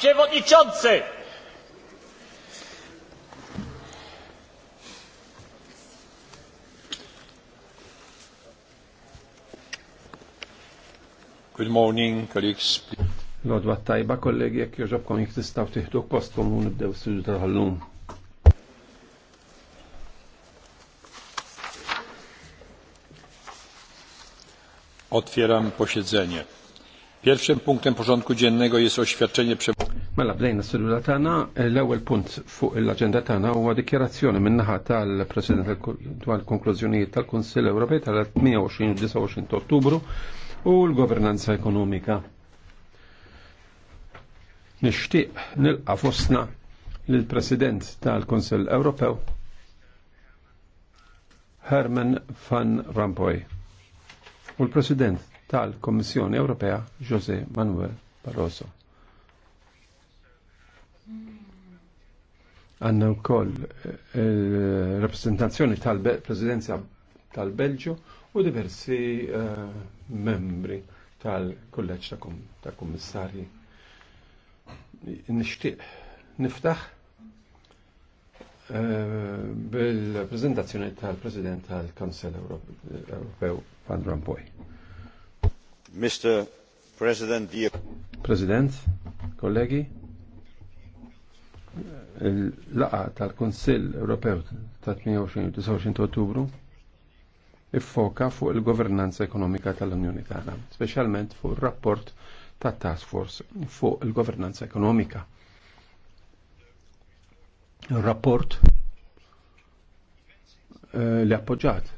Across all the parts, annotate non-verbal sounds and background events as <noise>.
Przewodniczący! Good morning, colleagues. Lodwa tajba, kollegi, jek joġobkom jek tistaw tiħdu postkom u nibdew s-sujdu tal-ħallum. Otwieram posiedzenie. Pierwszym punktem porządku dziennego jest oświadczenie przewodniczącego. Mela bdejna s-sillula tagħna, l-ewwel punt fuq l-aġenda tagħna huwa dikjerazzjoni min-naħa tal-President dwar konklużjonijiet tal-Kunsill Ewropej tal-28 29 Ottubru u l-governanza ekonomika. Nixtieq nilqa' fostna lill-President tal-Kunsill Ewropew Herman van Rompuy u l-President tal-Kommissjoni Ewropea José Manuel Barroso. Għanna u koll eh, eh, rappresentazzjoni tal prezidenza tal-Belġu u diversi eh, membri tal kolleċ ta' kommissari. Nishtiq niftaħ bil-prezentazzjoni tal-President tal-Kansel Ewropew Van Rompuy. Mr. President, dear... President, kollegi, il-laqa tal konsil Ewropew ta' 28 Ottubru iffoka fuq il-governanza ekonomika tal-Unjoni tagħna, speċjalment fuq ir-rapport ta' Task Force fuq il-governanza ekonomika. Il-rapport eh, li appoġġat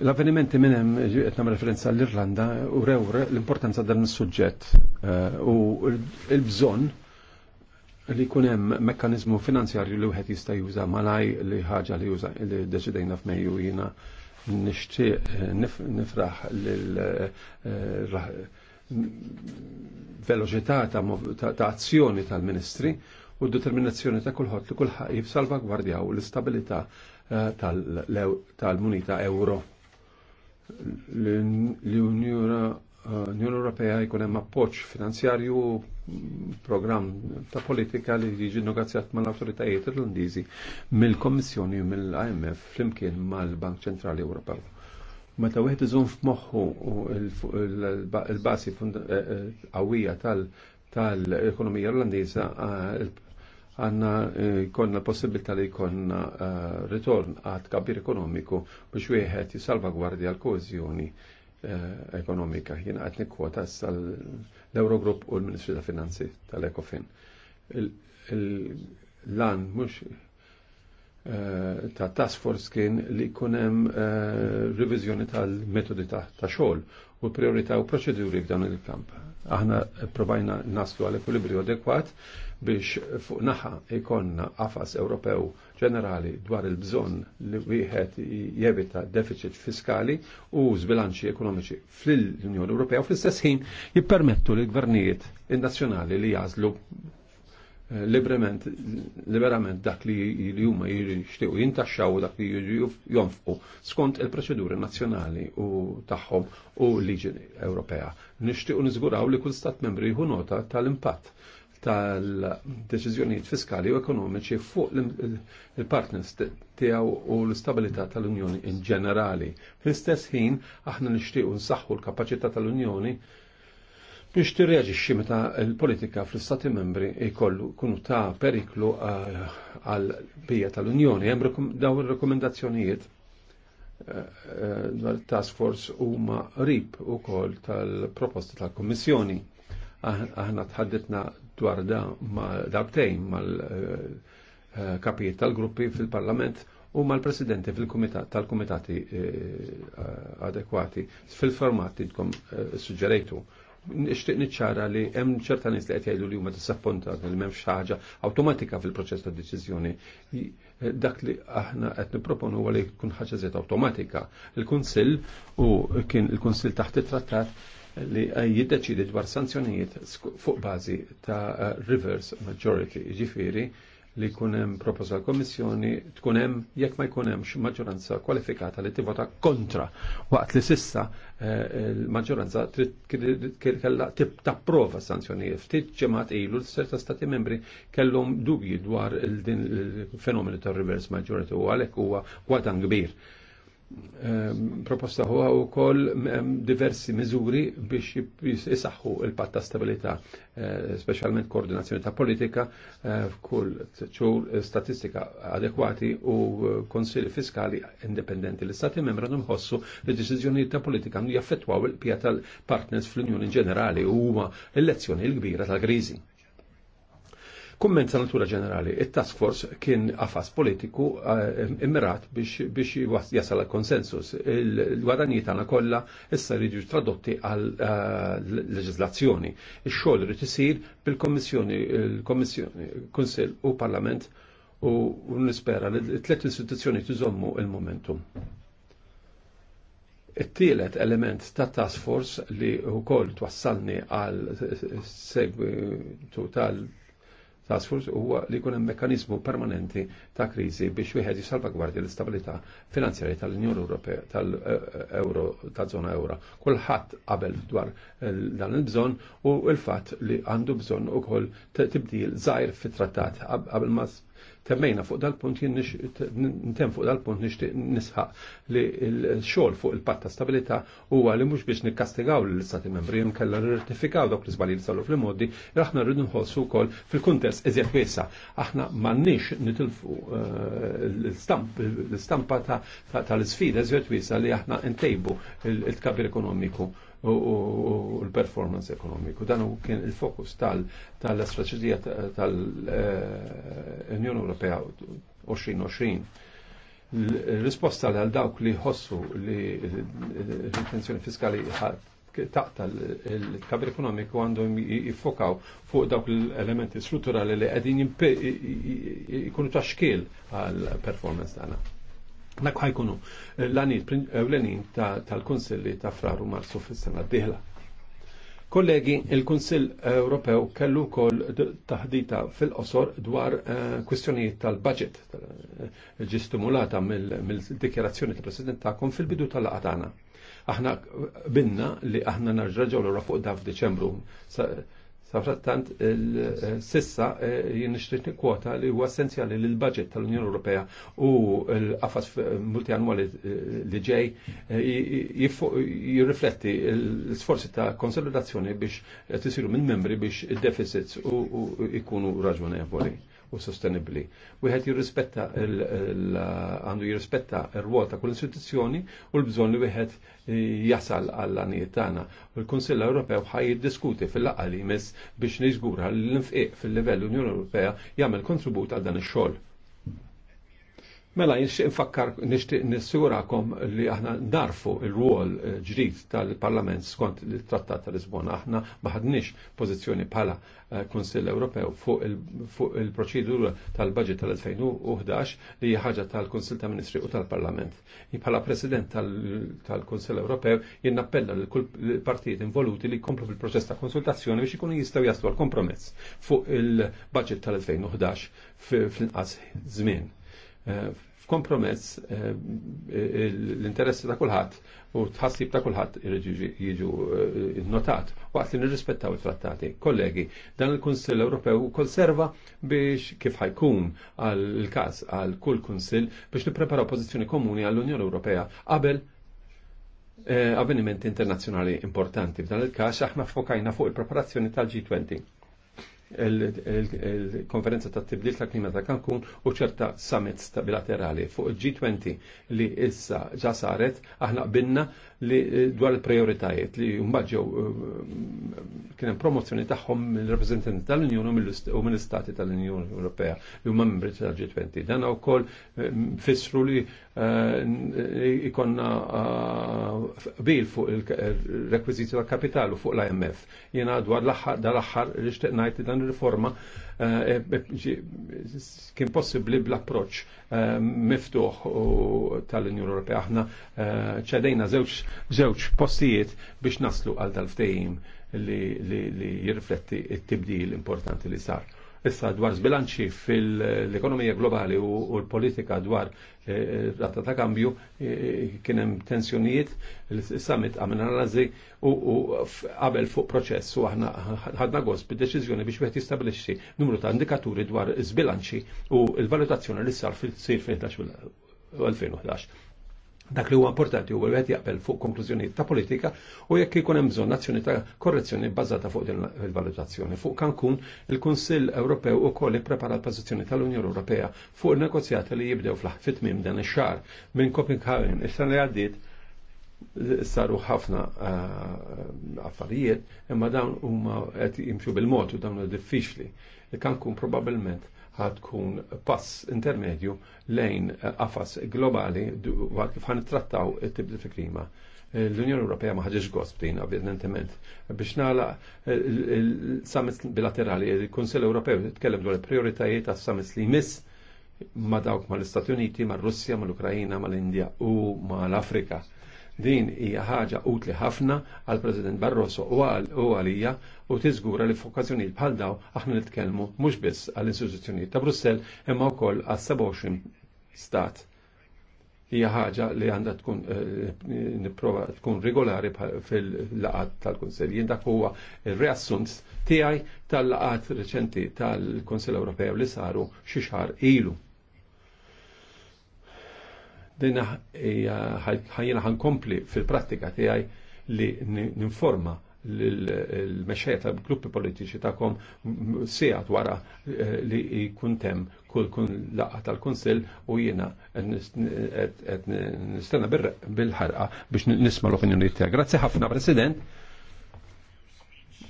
L-avvenimenti minn hemm eh, qed nagħmel referenza l-Irlanda u rew l-importanza dan is-suġġett eh, u l-bżonn li jkun hemm mekkaniżmu finanzjarju li wieħed jista' juża malaj li ħaġa li juża li deċidejna f'Mejju jiena nixtieq eh, nifraħ lil eh, veloċità ta' azzjoni tal-ministri u determinazzjoni ta' kulħadd li kulħadd jibsalvagwardjaw l-istabilità eh, tal-munita euro. L-Unjura l-Unjoni Ewropea jkun hemm appoġġ finanzjarju programm ta' politika li jiġi negozjat mal-awtoritajiet irlandiżi mill-Kommissjoni u mill-IMF flimkien mal-Bank Ċentrali Ewropew. Meta wieħed iżum f'moħħu il-bażi eh, eh, qawwija tal-ekonomija Irlandiża eh, għanna jkonna possibilità li jkonna ritorn għad kabir ekonomiku biex wieħed jisalvagwardja l-kozjoni Eh, ekonomika. Jien għatni sal l-Eurogrupp u l-Ministri ta' Finanzi tal-Ekofin. L-lan mux eh, ta' task force kien li kunem eh, revizjoni tal-metodi ta' xogħol u priorità u proċeduri f'dan il-kamp. Aħna provajna naslu għal ekwilibrju adekwat biex fuq naħa ikonna għafas Ewropew ġenerali dwar il-bżonn li wieħed jevita deficit fiskali u zbilanċi ekonomiċi fl-Unjoni Ewropea u fl-istess ħin jippermettu li gvernijiet nazzjonali li jażlu eh, liberament, liberament dak li huma jixtiequ jintaxxaw dak li jonfqu skont il-proċeduri nazzjonali u tagħhom u liġi Ewropea. Nixtiequ niżguraw li kull stat membri jieħu nota tal-impatt tal-deċiżjonijiet fiskali u ekonomiċi fuq il-partners tiegħu u l-istabilità tal-Unjoni in ġenerali. Fl-istess ħin aħna nixtiequ nsaħħu l-kapaċità tal-Unjoni biex tirreaġixxi meta l-politika fl-Istati membri jkollu kunu ta' periklu eh, għal bija tal-Unjoni. Hemm dawn ir-rekomendazzjonijiet eh, eh, dwar task force huma u ukoll tal-proposta tal-Kummissjoni aħna tħaddetna dwar da darbtejn mal-kapijiet eh, eh, tal-gruppi fil-Parlament u mal-presidenti tal-komitati eh, adekwati fil formati idkom suġġerejtu. Nixtieq niċċara li hemm ċerta nies li qed jgħidu li huma disappuntati li m'hemmx ħaġa awtomatika fil-proċess ta' deċiżjoni. Dak li aħna qed nipproponu huwa li jkun ħaġa żiet awtomatika. Il-Kunsill u kien il-Kunsill taħt it-trattat li eh, jiddeċidi dwar sanzjonijiet fuq bażi ta' eh, reverse majority, ġifiri li kunem proposta għal komissjoni tkunem jekk ma jkunemx maġġoranza kwalifikata li tivota kontra waqt li sissa eh, l-maġġoranza kella tapprova sanzjonijiet. Ftit ġemat ilu l-serta stati membri kellhom dubji dwar il-fenomenu ta' reverse majority u għalhekk huwa gwadan kbir Ehm, proposta huwa wkoll ehm, diversi miżuri biex isaħħu il-patt ta' stabilità, eh, speċjalment koordinazzjoni ta' politika eh, f'kull ċur eh, statistika adekwati u konsili fiskali indipendenti. L-Istati membra nħossu li deċiżjonijiet ta' politika jaffettwaw il-pija tal-partners fl-Unjoni ġenerali u huma l-lezzjoni l-kbira tal grizi Kumment sa' natura ġenerali, it-task force kien għafas politiku eh, immirat biex jasal konsensus. Il-gwadanji tagħna kollha issa rridu tradotti għal eh, leġislazzjoni. Ix-xogħol irid isir bil-Kommissjoni, il-Kommissjoni, Kunsill u Parlament u nispera li t-tlet istituzzjoni tiżommu il-momentum. It-tielet element ta' task force li u koll twassalni għal segwitu tal task force huwa li jkun hemm mekkaniżmu permanenti ta' kriżi biex wieħed jisalvagwardja l-istabilità finanzjarja tal-Unjoni Ewropea tal-euro tal żona euro. Kulħadd qabel dwar dan il-bżonn u l-fatt li għandu bżonn ukoll tibdil żgħir fit-trattat qabel ma temmejna fuq dal-punt nintem fuq dal-punt nixtieq nisħaq li l-xogħol fuq il-patt ta' stabilità huwa li mhux biex nikkastigaw l-istati membri imkella nirratifikaw dawk l-iżbalji li saru fl-modi li aħna rridu nħossu wkoll fil-kuntest eżjed wiesa. Aħna m'għandniex nitilfu eh, l-istampa tal-isfida eżjed wiesa li aħna ntejbu il-tkabir ekonomiku u l-performance ekonomiku. Dan u kien il-fokus tal-strategija tal-Unjoni Ewropea 2020. Risposta għal dawk li ħossu li l-intenzjoni fiskali taqta l-kabir ekonomiku għandhom jiffokaw fuq dawk l-elementi strutturali li għedin jikunu taxkil għal performance tagħna. Nak ħajkunu eh, l-għanin eh, tal-Konsilli ta' Fraru Marsu fis-sena d-dieħla. Kollegi, il-Kunsill Ewropew kellu kol taħdita fil-qosor dwar eh, kwistjonijiet tal-budget ġistimulata stimulata mill-dikjerazzjoni tal-President ta'kom fil-bidu tal-qatana. Aħna binna li aħna narġaġaw l fuq daf deċembru Safrattant, sissa eh, jien kwota li huwa essenzjali li l-budget tal-Unjoni Ewropea u l affas multianwali eh, li ġej eh, jirrifletti l-sforzi ta' konsolidazzjoni biex tisiru minn membri biex id-deficits u ikunu raġunevoli u sostenibli. Wieħed jirrispetta għandu jirrispetta r ruol ta' kull istituzzjoni u l-bżonn li wieħed jasal għall għanijiet tagħna. U l-Kunsill Ewropew ħaj jiddiskuti fil-laqgħa jmiss biex niżgura l-infqiq fil-livell Unjoni Ewropea jagħmel kontribut għal dan ix-xogħol. Mela, jinxie nfakkar nishtiq nissurakom li aħna narfu il-ruol eh, ġrid tal-Parlament skont il-Trattat tal-Lisbona. Aħna maħadnix pozizjoni bħala eh, Konsil Ewropew fuq il-proċedura tal-budget tal-2011 li ħaġa tal konsil ta' Ministri u tal-Parlament. Bħala President tal konsil Ewropew jinnappella li kull partijiet involuti li komplu fil-proċess ta' konsultazzjoni biex ikunu jistaw jastu għal-kompromess fuq il-budget tal-2011 fl-inqas żmien eh, f'kompromess eh, eh, l-interessi ta' kulħadd u tħassib ta' kulħadd jiġu eh, notat waqt li nirrispettaw it-trattati. Kollegi, dan il-Kunsill Ewropew ukoll serva biex kif ħajkun għall każ għal kull kunsill biex nippreparaw pożizzjoni komuni għall-Unjoni Ewropea qabel avvenimenti internazzjonali importanti. F'dan il-każ aħna fokajna fuq il-preparazzjoni tal-G20 il-konferenza ta' tibdil ta' klima ta' Cancun u ċerta summits ta' bilaterali fuq il-G20 li issa ġa saret aħna binna li eh, dwar il-prioritajiet li jumbaġġew eh, kien hemm promozzjoni tagħhom mill-rappreżentanti tal-Unjoni u mill-Istati tal-Unjoni Ewropea li huma membri tal-G20. Dan wkoll eh, fissru li ikonna bil fuq il-rekwiżiti tal-kapitalu fuq l-IMF. Jiena dwar dal-aħħar li xtieq ngħid dan ir-riforma Eh, eh, eh, kien possibbli bl-approċ miftuħ tal-Unjoni Ewropea. Aħna ċedejna żewġ postijiet biex naslu għal tal ftehim li jirrifletti t tibdil importanti li sar. Issa dwar zbilanċi fil-ekonomija globali u l-politika dwar eh, rata ta' kambju eh, kien hemm tensjonijiet il-summit għamen analiżi u qabel fuq proċess u aħna għadna għos bid-deċiżjoni biex wieħed jistabbilixxi numru ta' indikaturi dwar zbilanċi u l-valutazzjoni li sar fil-sir fil-2011. Dak li huwa importanti huwa wieħed jaqbel fuq konklużjonijiet ta' politika u jekk ikun hemm bżonn azzjoni ta' korrezzjoni bbażata fuq din il-valutazzjoni. Fuq kankun il-Kunsill Ewropew ukoll ipprepara l-pożizzjoni tal-Unjoni Ewropea fuq il negozjati li jibdew fl fit-tmiem dan ix-xahar minn Copenhagen is-sena li għaddiet saru ħafna eh, affarijiet, imma dawn huma qed jimxu bil-mod u dawn diffiċli. Kankun probabbilment ħadkun pass intermedju lejn qafas globali dwar kif ħan trattaw it-tibdil fil-klima. L-Unjoni Ewropea ma ħaġġ gosbtin, evidentement. Biex nagħlaq il-summits bilaterali, il-Kunsell Ewropew jitkellem dwar il-prioritajiet għas-summits li jmiss ma dawk mal istati Uniti, l russja mal ma mal indja u mal afrika Din hija ħaġa utli ħafna għal President Barroso u għalija u tiżgura li f'okkażjonijiet bħal daw aħna nitkellmu mhux biss għall istituzzjonijiet ta' Brussell imma wkoll għas 27 stat. Hija ħaġa li għandha tkun eh, nipprova tkun regolari fil-laqat tal-Kunsell. Jien dak huwa r reassunt tiegħi tal-laqat reċenti tal-Kunsell Ewropew li saru xi xahar ilu. Dina ħajjina ħankompli fil-prattika tiegħi li ninforma l-mexħet ta' gruppi politiċi kom sijat wara eh, li jkuntem kull kun laqqa tal konsil u jena nistenna bil-ħarqa biex nisma l-opinjoni tija. Grazie ħafna, President.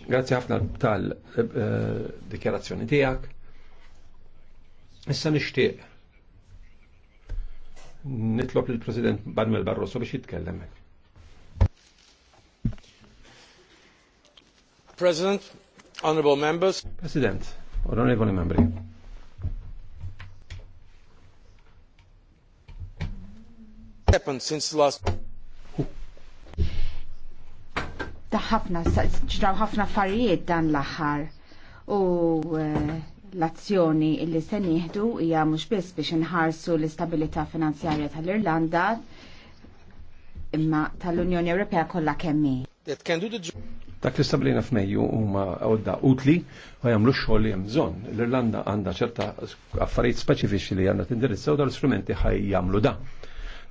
Grazie ħafna tal eh, eh, dikjerazzjoni tijak. Issa nishtiq nitlob lill-President Manuel Barroso biex jitkellem. President, honorable members. President, onorevoli membri. Happened since the last ħafna, ġraw ħafna farijiet dan l axar u eh, L-azzjoni illi se nieħdu hija mhux biss biex inħarsu l-istabilità finanzjarja tal-Irlanda imma tal-Unjoni Ewropea kollha kemm hi. Dak li stabilina f'Mejju huma għodda utli u jagħmlu xogħol li hemm bżonn. L-Irlanda għandha ċerta affarijiet speċifiċi li għandha tindirizzaw dal-istrumenti ħaj jagħmlu dan.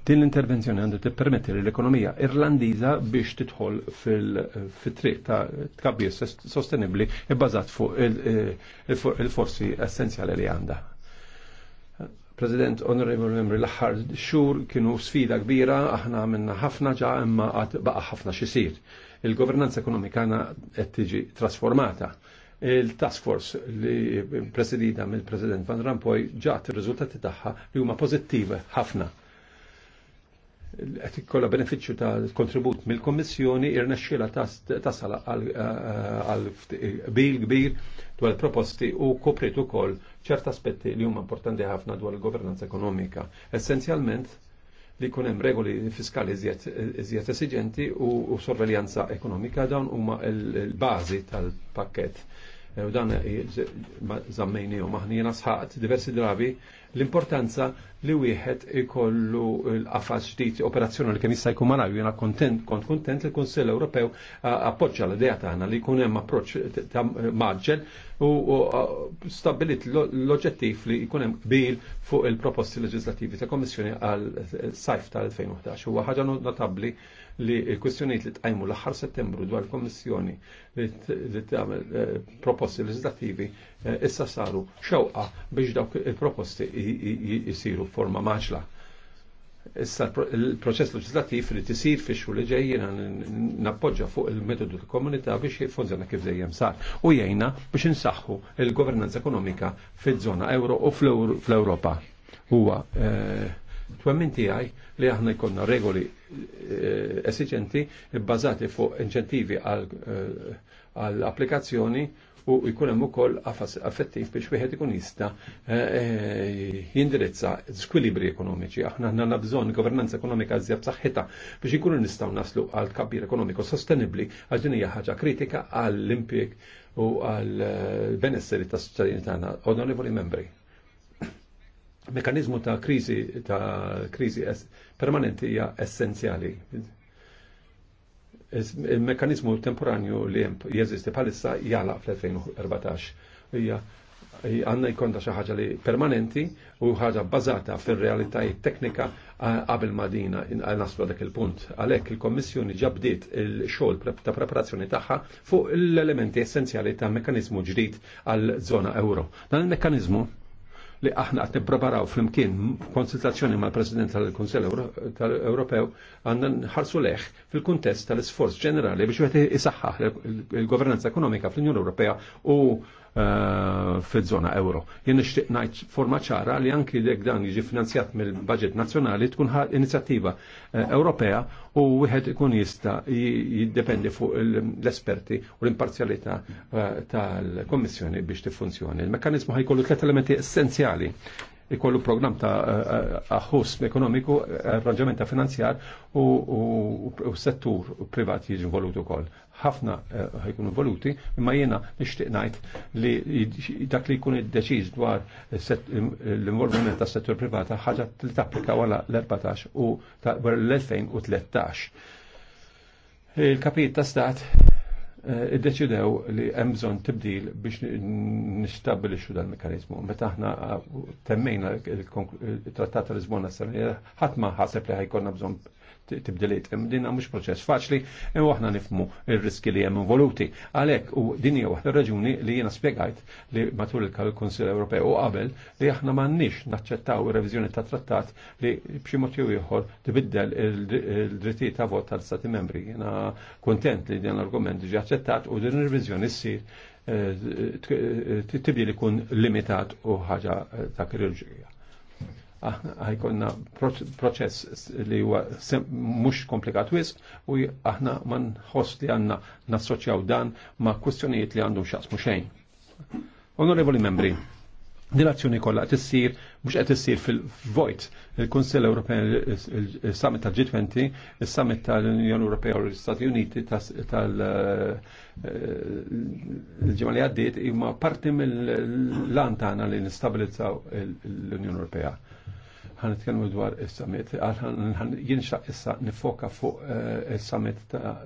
Din l-intervenzjoni għandu tippermetti l-ekonomija irlandiża biex tidħol fil-triq ta' tkabbir sostenibli bazat fuq eh, il-forsi essenzjali li għandha. President, Honorable Membri, l-axħar xur kienu sfida kbira, aħna minna ħafna ġa imma għad baqa ħafna xisir. Il-governanza ekonomika għana qed tiġi trasformata. Il-task force li presidida mill-President Van Rampoy ġat il-rizultati tagħha li huma pożittivi ħafna qed ikkolla benefiċċju ta' kontribut mill-Kommissjoni irnexxiela tasal eh, għal bil kbir dwar proposti u kopritu ukoll ċert aspetti li huma importanti ħafna dwar il-governanza ekonomika. Essenzjalment li jkun hemm regoli fiskali iżjed esiġenti u sorveljanza ekonomika dawn huma l-bażi tal-pakkett. Eh, u dan u maħni jena sħaqt diversi drabi l-importanza li wieħed ikollu l-qafas ġdid operazzjonali kemm jista' jkun malaj jiena kontent kont kontent li l-Kunsill Ewropew appoġġa l-idea tagħna li jkun hemm approċċ ta' maġġel u stabbilit l-oġġettiv li jkun hemm qbil fuq il-proposti leġislattivi ta' Kommissjoni għal sajf tal-2011. Huwa ħaġa notabbli li l-kwestjonijiet li tqajmu l-aħħar settembru dwar il-Kommissjoni li tagħmel eh, proposti leġislattivi eh, issa saru xewqa biex dawk il-proposti jisiru forma maċla. Issa il-proċess leġislattiv li tisir fi xhur li ġejjina nappoġġa fuq il-metodu ta' komunità biex jiffunzjona kif dejjem sar u jgħinna biex insaħħu il-governanza ekonomika fiż-żona euro u fl-Ewropa. Huwa eh, Twemmin tiegħi li aħna jkollna regoli esiġenti eh, bbażati fuq inċentivi għall eh, applikazzjoni u jkun hemm ukoll affettiv biex wieħed ikun jista' eh, jindirizza skwilibri ekonomiċi. Aħna għandna bżonn governanza ekonomika żjab b'saħħitha biex ikunu nistgħu naslu għal kabir ekonomiku sostenibbli għal din hija ħaġa kritika għall-impjeg u għall benesseri tas-soċjalità tagħna. Onorevoli membri mekanizmu ta' krizi ta' krizi permanenti hija essenzjali. Il-mekanizmu temporanju li jeżisti palissa jala fl-2014. Hija għanna jkonda xi ħaġa li permanenti u ħaġa bbażata fir-realitajiet teknika qabel madina naslu dak il-punt. Għalhekk il-Kommissjoni ġabdiet il-xogħol ta' preparazzjoni tagħha fuq l-elementi essenzjali ta' mekanizmu ġdid għal żona euro. Dan il-mekanizmu li aħna qed nippreparaw flimkien konsultazzjoni mal-President tal-Kunsell tal-Ewropew għandna nħarsu leħ fil-kuntest tal-isforz ġenerali biex wieħed isaħħaħ il-governanza ekonomika fl-Unjoni Ewropea u eh, fil-żona euro. Jien nixtieq ngħid forma ċara li anki dek dan jiġi finanzjat mill-budget nazzjonali tkun inizjattiva eh, Ewropea u wieħed ikun jista jiddependi fuq l-esperti u l-imparzjalità eh, tal-Kommissjoni biex tiffunzjoni. Il-mekkanizmu ħajkollu tliet elementi essenzjali ikollu program ta' eh, aħus ekonomiku, arranġament ta' finanzjar u settur privat jiġi involuti koll. Ħafna eh, ħajkunu involuti, imma jiena nixtieq ngħid li dak li jkun iddeċiż dwar l-involviment tas settur privata ħaġa li tapplika wara l-14 u l-2013. Il-kapijiet ta' stat Eh, iddeċidew li hemm bżonn tibdil biex nistabbilixxu dal mekanizmu Meta aħna eh, temmejna il-Trattat ta' Lisbona s-sena ħadd ma ħaseb li ħajkonna bżonn tibdiliet. Din mhux proċess faċli u aħna nifmu ir-riski li hemm involuti. Għalhekk u din hija waħda raġuni li jiena spjegajt li matul il-Kunsill Ewropew u qabel li aħna m'għandniex naċċettaw ir-reviżjoni ta' trattat li b'xi mod jew ieħor tibiddel il-drittijiet ta' vot tal-Stati membri. Jiena kontent li din l-argument ġi aċċettat u din ir-reviżjoni ssir eh, tibdil ikun limitat u ħaġa ta' kirurġija. Ah, ħajkonna proċess li huwa mhux komplikat wisq u aħna ma nħoss li għandna nassoċjaw dan ma' kwistjonijiet li għandhom xaqsmu xejn. Onorevoli membri, l-azzjoni kollha qed issir mhux qed issir fil-vojt il kunsill Ewropew il-Summit tal-G20, is-Summit tal-Unjoni Ewropea u l-Istati Uniti tal-ġimgħa eh, li għaddiet imma parti mill-lan tagħna li nistabilizzaw l-Unjoni Ewropea ħan nitkellmu dwar is-summit, ħan xaq issa nifoka fuq eh, is-summit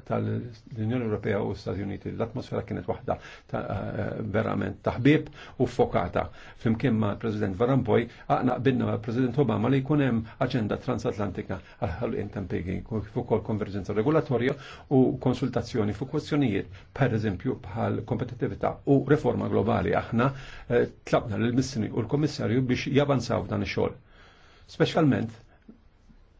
tal-Unjoni Ewropea u Stati Uniti. L-atmosfera kienet waħda eh, verament taħbib u fokata. Flimkien ma' President Van Rompuy, aqna qbilna ma' President Obama li jkun hemm aġenda transatlantika għal ħallu tampigi fuq ukoll konverġenza regolatorja u konsultazzjoni fuq kwestjonijiet, per eżempju bħal kompetitività u reforma globali. Aħna eh, tlabna lill missini u l komissarju biex javanzaw dan ix-xogħol specialment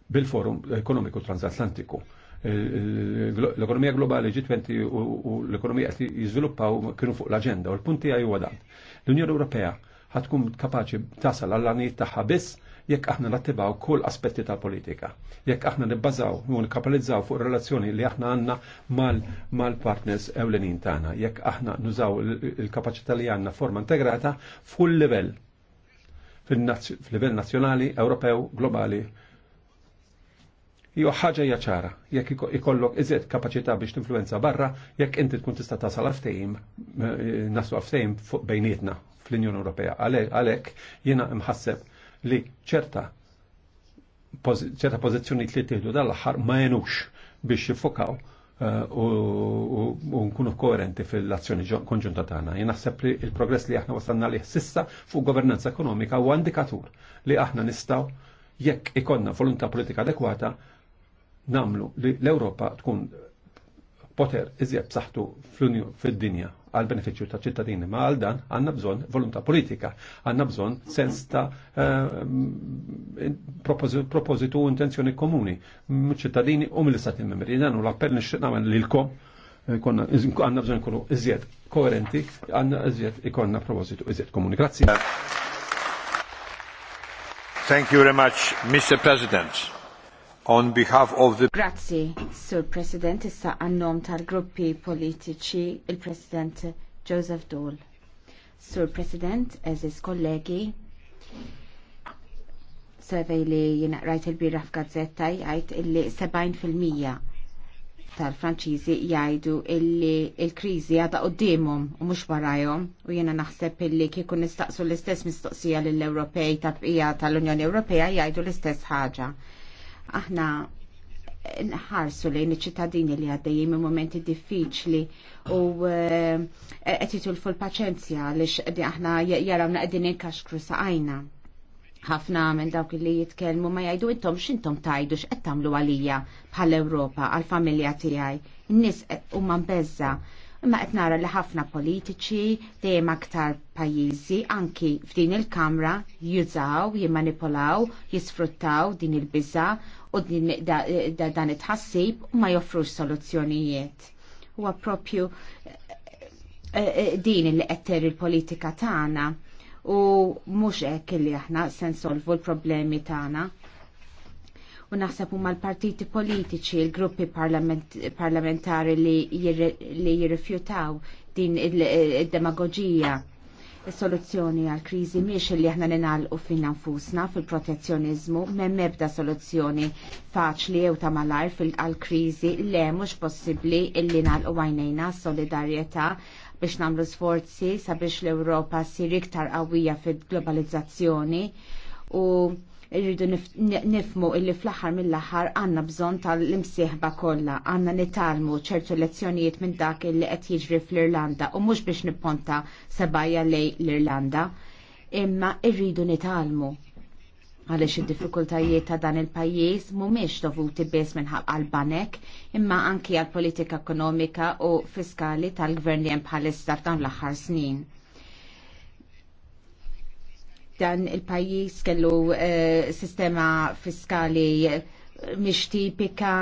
bil-forum ekonomiku transatlantiku. Eh, eh, l-ekonomija globali G20 u l-ekonomija li jizviluppaw kienu fuq l-agenda u l-punti għaj dan. L-Unjoni Ewropea ħatkun kapaċi tasal għall-għaniet taħħa biss jekk aħna nattibaw kull aspetti ta' politika Jekk aħna nibbażaw u nkapalizzaw fuq relazzjoni li aħna għanna mal-partners ewlenin tagħna. Jekk aħna nużaw il-kapaċità li għanna forma integrata full livell fil-livell nazzjonali, Ewropew, globali. Jo ħaġa hija ċara, jekk ikollok iżjed kapaċità biex tinfluenza barra, jekk inti tkun tista' tasal għaftejm, eh, nasu għaftejm bejnietna fl-Unjoni Ewropea. Għalhekk jiena mħasseb li ċerta ċerta pożizzjoni li tieħdu dal-aħħar ma jenux biex jiffukaw. Eh, u nkunu koherenti fil-azzjoni konġunta tagħna. Jien naħseb li l-progress li aħna wasalna lih sissa fuq governanza ekonomika huwa indikatur li aħna nistgħu jekk ikonna volontà politika adekwata namlu li l-Ewropa tkun poter iżjed b'saħħtu fid-dinja għal beneficju ta' ċittadini, ma għal dan għanna bżon volontà politika, għanna bżon sens ta' eh, propositu, u intenzjoni komuni, ċittadini u mill-istati membri. Dan u l-appell nixtieq l eh, konna għanna bżon ikunu iżjed koerenti, għanna iżjed ikonna propositu iżjed komuni. Grazie. Thank you very much, Mr. President. On behalf of the... Grazzi, Sur President, issa annom tal-gruppi politiċi, il-President Joseph Dole. Sur President, eżis kollegi, survey li jina rajt il-bira f'gazzetta jgħajt illi 70% tal-Franċiżi jgħidu illi il-krizi għadha qoddimhom u mhux warajhom u jiena naħseb illi kieku nistaqsu l-istess mistoqsija lill-Ewropej tal-bqija tal-Unjoni Ewropea jgħidu l-istess ħaġa Aħna nħarsu lejn iċ-ċittadini li għaddejjin minn momenti diffiċli u eh, qed jitulfu l-paċenzja għaliex aħna jarawna qegħdin inkaxkru saqajna. Ħafna minn dawk li jitkellmu ma jgħidu intom x'intom tajdu x'qed tagħmlu għalija bħall-Ewropa għall-familja tiegħi. In-nies huma mbeżza imma qed nara li ħafna politiċi dejjem aktar pajjiżi anki f'din il-Kamra jużaw, jimmanipolaw, jisfruttaw din il-biża' u dan it-ħassib ma joffrux soluzzjonijiet. Huwa għapropju eh, eh, din li qed il-politika tagħna u mhux hekk li aħna se nsolvu l-problemi tagħna u naħseb huma l-partiti politiċi, l-gruppi parlamentari li, jirrifjutaw din il-demagogija. Is-soluzzjoni għal kriżi miex li aħna ninalqu finna nfusna fil-protezzjonizmu, m'hemm ebda soluzzjoni faċli jew ta' malar fil-kriżi le mhux possibbli illi nalqu għajnejna solidarjetà biex namlu sforzi sabiex l-Ewropa sir iktar qawwija fil-globalizzazzjoni u irridu nifmu illi fl-aħħar mill-aħħar għandna bżonn tal-imsieħba kollha, għandna nitalmu ċertu lezzjonijiet minn dak illi qed jiġri fl-Irlanda u mhux biex nipponta sebajja lej l-Irlanda, imma irridu nitalmu għalix id-diffikultajiet ta' dan il-pajjiż mhumiex dovuti biss minħabqa l-banek imma anki għal politika ekonomika u fiskali tal-gvern bħal hemm bħalissa l-aħħar snin. Dan il-pajjiż kellu eh, sistema fiskali eh, mish tipika,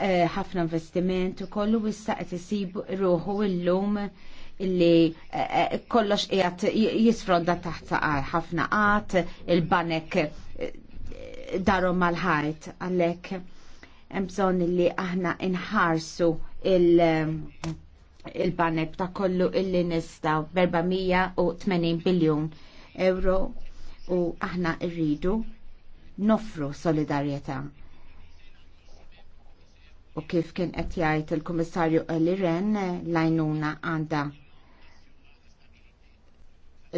eh, ħafna eh, investiment u kollu issa qed isib ruħu llum illi kollox qiegħed jisfrodda taħt ħafna qatt il-banek darhom mal-ħajt għalhekk hemm bżonn illi aħna inħarsu il- il-banek ta' kollu illi nistaw b'480 biljon euro u aħna irridu nofru solidarjetà. U kif kien qed jgħid il-Kummissarju Eliren lajnuna għandha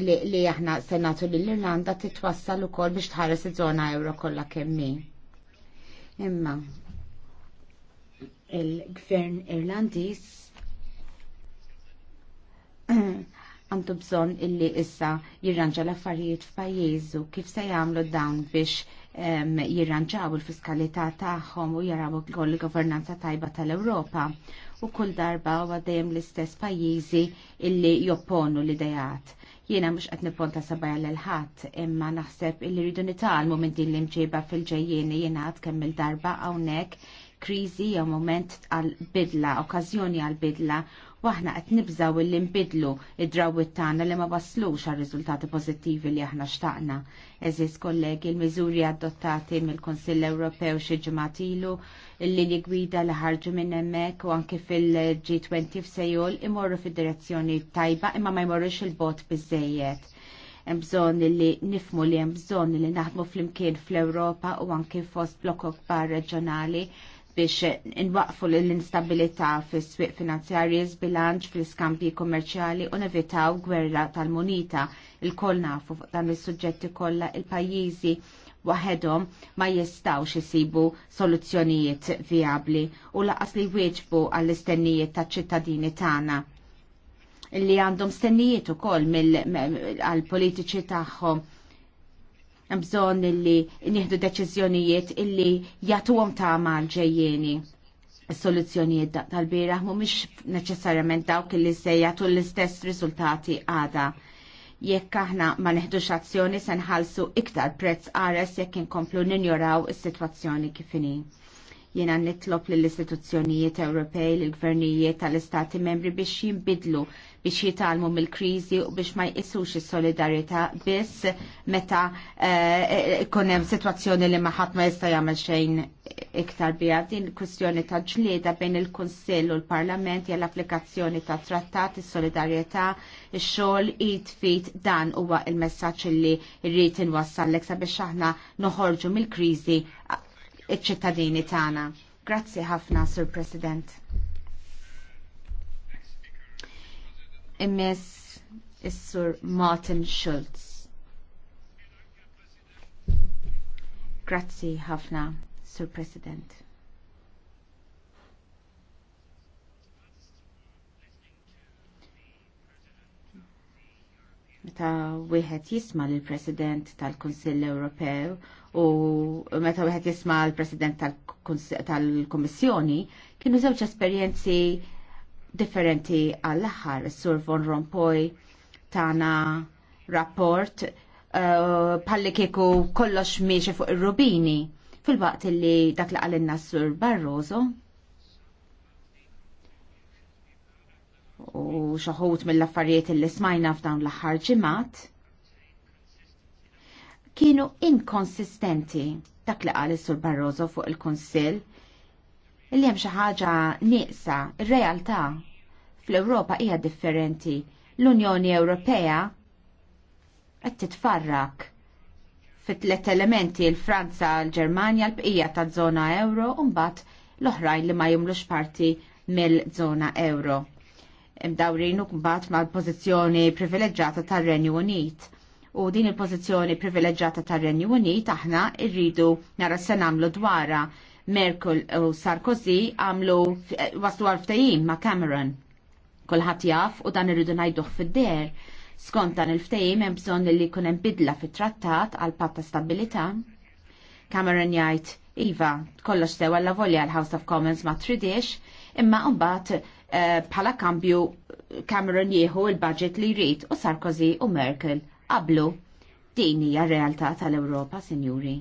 li, li aħna senatu li l-Irlanda titwassal ukoll biex tħares iż-żona euro kollha kemm Imma il-Gvern Irlandiż <clears throat> eh, għandu bżon illi issa jirranġa l-affarijiet f'pajjiżu kif se jagħmlu dawn biex jirranġaw il-fiskalità tagħhom u jaraw ukoll il-governanza tajba tal-Ewropa u kull darba huwa dejjem l-istess pajjiżi illi jopponu l-idejat. Jiena mhux qed nipponta sabajja l ħadd imma naħseb illi rridu nitalmu minn din l-imġiba fil-ġejjieni jiena għad kemm il-darba hawnhekk kriżi jew moment għal bidla, okkażjoni għal bidla waħna qed nibżaw illi nbidlu id-drawit tagħna li ma waslux għal riżultati pożittivi li aħna xtaqna. Eżis kollegi, il-miżuri adottati mill-Konsill Ewropew xi ġimgħat ilu li li gwida li ħarġu minn hemmhekk u anke fil-G20 f'Sejol imorru fid-direzzjoni tajba imma ma jmorrux il-bot biżejjed hemm bżonn li nifmu li hemm bżonn li naħdmu flimkien fl-Ewropa u anke fost blokok kbar reġjonali biex inwaqfu l-instabilità fis swieq finanzjarji bilanċ fl-iskampi kommerċjali u nevitaw gwerra tal-munita il-koll nafu dan is-suġġetti kollha il-pajjiżi waħedhom ma jistawx isibu soluzzjonijiet viabli u laqas li wieġbu għall-istennijiet taċ ċittadini tagħna li għandhom stennijiet ukoll għall politiċi tagħhom bżon illi nieħdu deċiżjonijiet illi jagħtuhom ta' mal ġejjeni. Is-soluzzjonijiet tal mu mhumiex neċessarjament dawk illi se jatu l-istess riżultati għada. Jekk aħna ma neħdu azzjoni se nħallsu iktar prezz qares jekk inkomplu ninjoraw is-sitwazzjoni kif Jiena nitlob lill istituzzjonijiet Ewropej, lill gvernijiet tal-Istati membri biex jinbidlu biex jitalmu mill-kriżi u biex ma jqisux is-solidarjetà biss meta eh, ikun hemm sitwazzjoni li ma ħadd ma jista' jagħmel xejn iktar biha. Din kwistjoni ta' ġlieda bejn il-Kunsill u l-Parlament hija l-applikazzjoni ta' trattat is-solidarjetà ix-xogħol id fit dan huwa il-messaġġ li rrid inwassallek sabiex aħna noħorġu mill-kriżi iċ-ċittadini tagħna. Grazzi ħafna, Sur President. Immiss is-Sur Martin Schulz. Grazzi ħafna, Sur President. Meta wieħed jisma' lill-President tal-Kunsill Ewropew u meta wieħed jisma l-President tal-Kommissjoni kienu żewġ esperjenzi differenti għall-aħħar. Sur Von Rompuy tana rapport uh, palli kieku kollox miexi fuq ir-rubini fil-waqt li dak li inna Sur Barroso. U xaħut mill-affarijiet li smajna f'dawn l-aħħar ġimgħat kienu inkonsistenti dak li qal sur Barroso fuq il-Kunsill li hemm xi ħaġa nieqsa, ir-realtà fl-Ewropa hija differenti. L-Unjoni Ewropea qed titfarrak fit-tlet elementi l-Franza, l-Ġermanja, l-bqija taż-żona euro u mbagħad l-oħrajn li ma jumlux parti mill-żona euro. Imdawrinu u mbagħad mal-pożizzjoni privileġġjata tar-Renju Unit u din il-pozizjoni privileġġata tar renju Unit aħna irridu nara se nagħmlu dwara Merkel u Sarkozy għamlu eh, waslu għal ftehim ma' Cameron. Kulħadd jaf u dan irridu ngħiduh fid-der. Skont dan il-ftehim hemm bżonn li jkun hemm bidla fit-trattat għal patta stabilità. Cameron jgħid Iva, kollox sewa la volja għal house of Commons ma tridiex, imma umbat eh, bħala kambju Cameron jieħu il-budget li jrid u Sarkozy u Merkel qablu. Din hija realtà tal-Ewropa, sinjuri.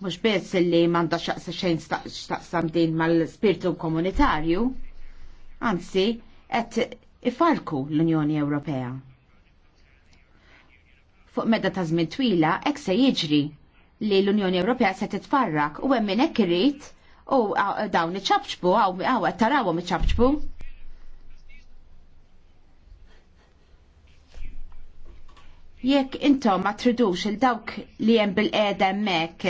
Mhux biss li m'għandha xaqsa xejn staqsam din mal-spirtu komunitarju, anzi qed ifarku l-Unjoni Ewropea. Fuq medda ta' żmien twila hekk se jiġri li l-Unjoni Ewropea se titfarrak u hemm hekk irid u dawn iċabċbu għaw taraw iċabċbu. Jekk intom ma tridux il-dawk li hemm bil-qeda hemmhekk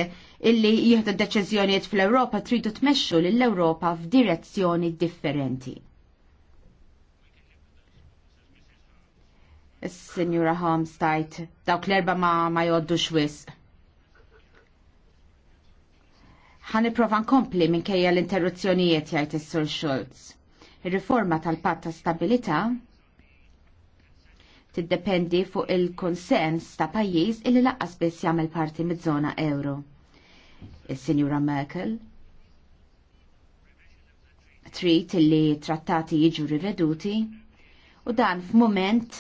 illi jieħdu deċiżjonijiet fl-Ewropa tridu tmexxu lill-Ewropa f'direzzjoni differenti. Is-Sinjura Holmes dawk l-erba ma, ma jgħoddux wisq kompli nkompli minkejja l-interruzzjonijiet jajt is-Sur Schulz. Ir-riforma tal-patt ta' tiddependi fuq il-konsens ta' pajjiż illi laqqas biss jagħmel parti miż-żona euro. Is-Sinjura Merkel trid illi trattati jiġu riveduti u dan f'mument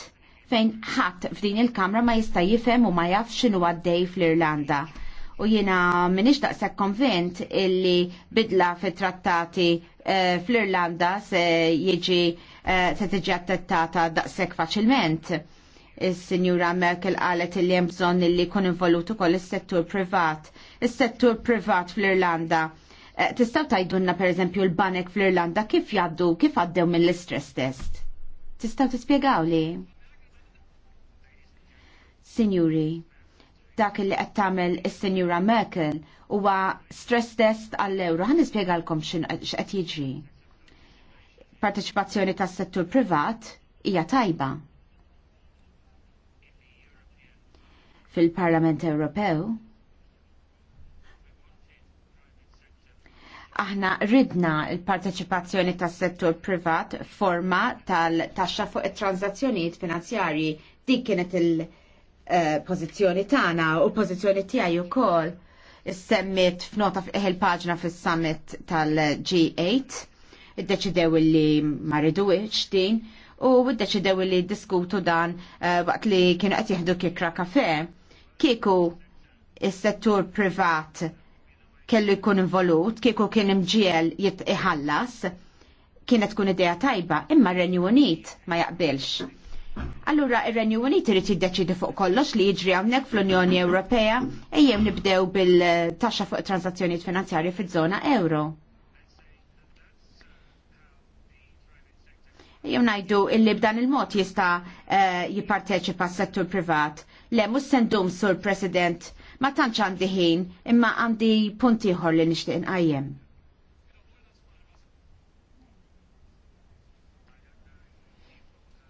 fejn ħadd f'din il-Kamra ma jista' jifhem u ma jaf x'inhu għaddej fl-Irlanda. U jiena m'iniex daqshekk konvent illi bidla fit-trattati uh, fl-Irlanda se jiġi Eh, se tiġi attettata daqshekk faċilment. Is-Sinjura Merkel qalet li hemm bżonn li jkun involut ukoll is-settur privat. Is-settur privat fl-Irlanda eh, Tistaw tajdunna per eżempju l-banek fl-Irlanda kif jaddu, kif għaddew mill-istress test? Tistaw tispiegaw li? Signori, dak li qed tagħmel is-Sinjura Merkel huwa stress test għall ewro Ħan nispjegalkom x'qed jiġri parteċipazzjoni tas settur privat hija tajba. Fil-Parlament Ewropew aħna ridna il-parteċipazzjoni tas settur privat forma tal-taxxa fuq it-transazzjonijiet finanzjarji dik kienet il-pożizzjoni eh, tagħna u pożizzjoni tiegħi wkoll is-semmit f'nota fl il paġna fis-summit tal-G8 id-deċidew li ma rriduwiex din u deċidew li diskutu dan eh, waqt li kienu qed jieħdu kikra kafe. Kieku il settur privat kellu jkun involut, kieku kien imġiel jitħallas, kienet tkun idea tajba, imma r-Renju Unit ma jaqbilx. Allura ir-Renju Unit irid jiddeċidi fuq kollox li jiġri hawnhekk fl-Unjoni Ewropea ejjem nibdew bil-taxxa fuq transazzjonijiet finanzjarji fiż-żona euro. jonajdu illi b'dan il-mod jista eh, jipparteċipa s-settur privat. Le, mus sendum sur president, ma tantx għandi ħin, imma għandi punti ħor li nishtiq inqajjem.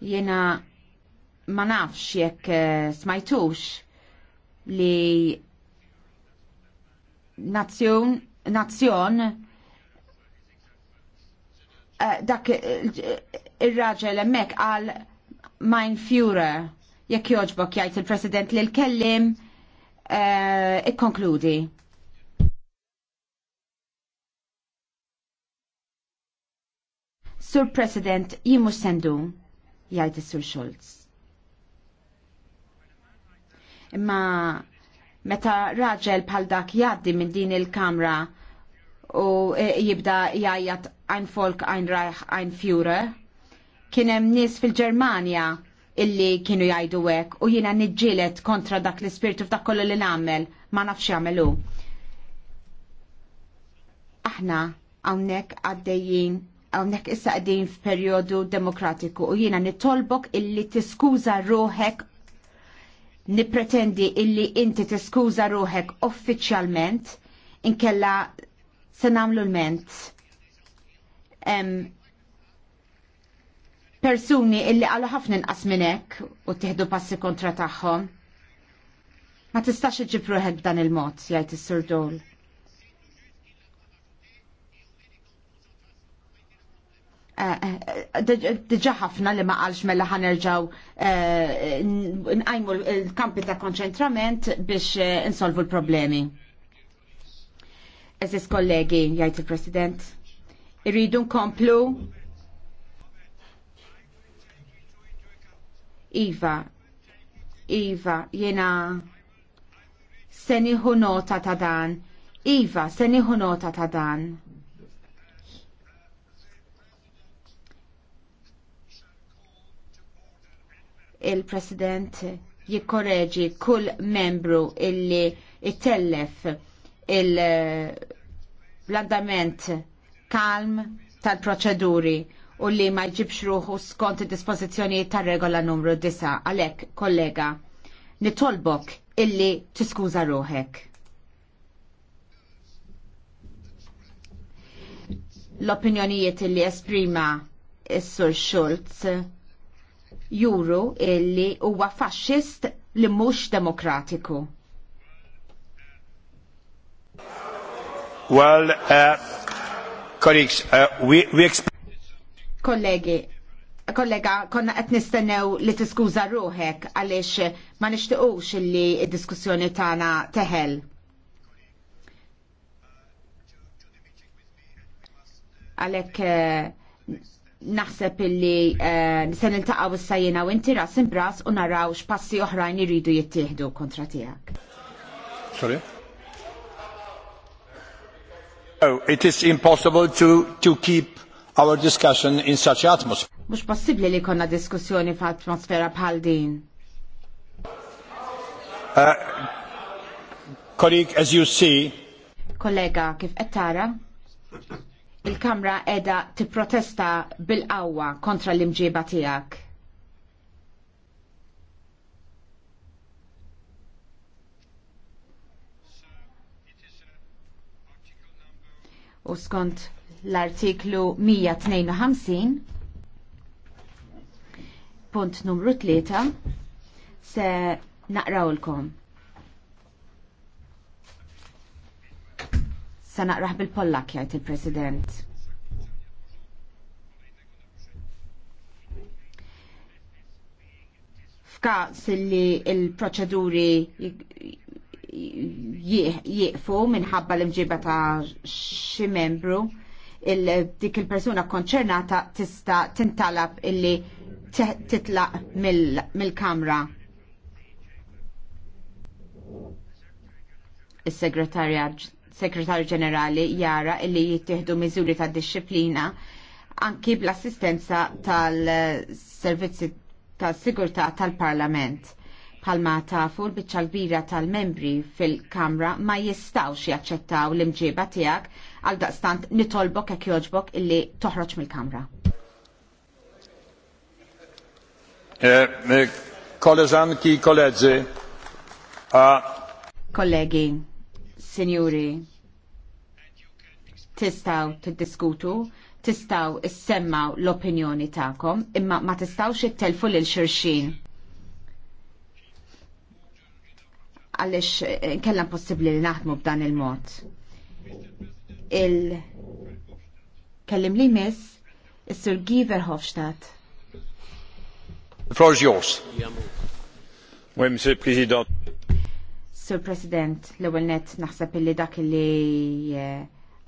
Jena ma nafx jekk eh, smajtux li nazzjon nazzjon Eh, dak eh, eh, il-raġel emmek għal Mein Führer jekk joġbok jgħid il-President li l-kellim ikkonkludi. Sur President, jimu sendu, jgħid is-Sur Schulz. Imma meta raġel bħal dak jgħaddi minn din il-Kamra u e, jibda jajjat ein folk, ein Reich, ein Führer. Kienem nis fil-Germania illi kienu jajdu għek u jina nidġilet kontra dak l-spiritu f'dak kollu li namel, ma nafx jamelu. Aħna għawnek għaddejjien, għawnek issa għaddejjien f'periodu demokratiku u jina nitolbok illi tiskuza ruħek nipretendi illi inti tiskuza ruħek uffiċjalment inkella se nagħmlu l-ment persuni illi għalu ħafna inqas minn hekk u tiħdu passi kontra tagħhom. Ma tistax iġibru ħed b'dan il-mod, jgħid is-Sur Dol. Eh, eh, Diġa ħafna li ma qalx mela ħanerġaw eh, nqajmu l-kampi ta' konċentrament biex insolvu l-problemi. Eżis kollegi, jgħid il-President, irridu nkomplu. Iva, Iva, jena seniħu nota ta' dan. Iva, seniħu nota ta' dan. Il-President jikkoreġi kull membru illi itellef l-andament kalm tal-proċeduri u li ma jġibx ruħu skont id-dispożizzjonijiet tar-regola numru 9. Għalhekk, kollega, nitolbok illi tiskuża ruħek. L-opinjonijiet illi esprima s-Sur Schultz juru illi huwa faxxist li mhux demokratiku. Well, uh, colleagues, uh, we, we Kollegi, kollega, konna qed nistennew li tiskuża ruħek għaliex ma nixtiequx li d-diskussjoni tagħna teħel. Għalhekk eh, naħseb illi eh, se niltaqgħu issa jiena u inti ras imbras u naraw x'passi oħrajn iridu jittieħdu kontra tiegħek. Sorry? Mhux oh, it is impossible to, to keep our discussion in such atmosphere. Mux possibli li konna diskussjoni f'atmosfera bħal din. Uh, colleague, as you see, kollega kif qed tara, il-Kamra qiegħda tipprotesta bil-qawwa kontra l-imġiba tiegħek. u skont l-artiklu 152 punt numru 3 se naqrawlkom. Se naqraħ bil-Pollak jajt il-President. F'każ li l-proċeduri jieqfu minħabba l-imġiba ta' xi membru il dik il-persuna konċernata tista' tintalab illi titlaq mill-kamra. Is-Segretarju Ġenerali jara illi jittieħdu miżuri ta' disċiplina anki bl-assistenza tal-servizzi tas-sigurtà tal-Parlament bħalma tafu l-bicċa l-bira tal-membri fil-kamra ma jistawx jaċċettaw l-imġiba tijak għal daqstant nitolbok jek joġbok illi toħroġ mill-kamra. Eh, Koleżanki i Kollegi, sinjuri, tistaw tiddiskutu, tistaw issemmaw l-opinjoni ta'kom, imma ma tistawx it-telfu l-xirxin għalix eh, kellan possibli li naħdmu b'dan il-mod. Il-kellim li miss, il-Sir Giver Hofstadt. The floor is yours. Oui, Monsieur le Président. Sir President, l-ewel net naħseb illi dak li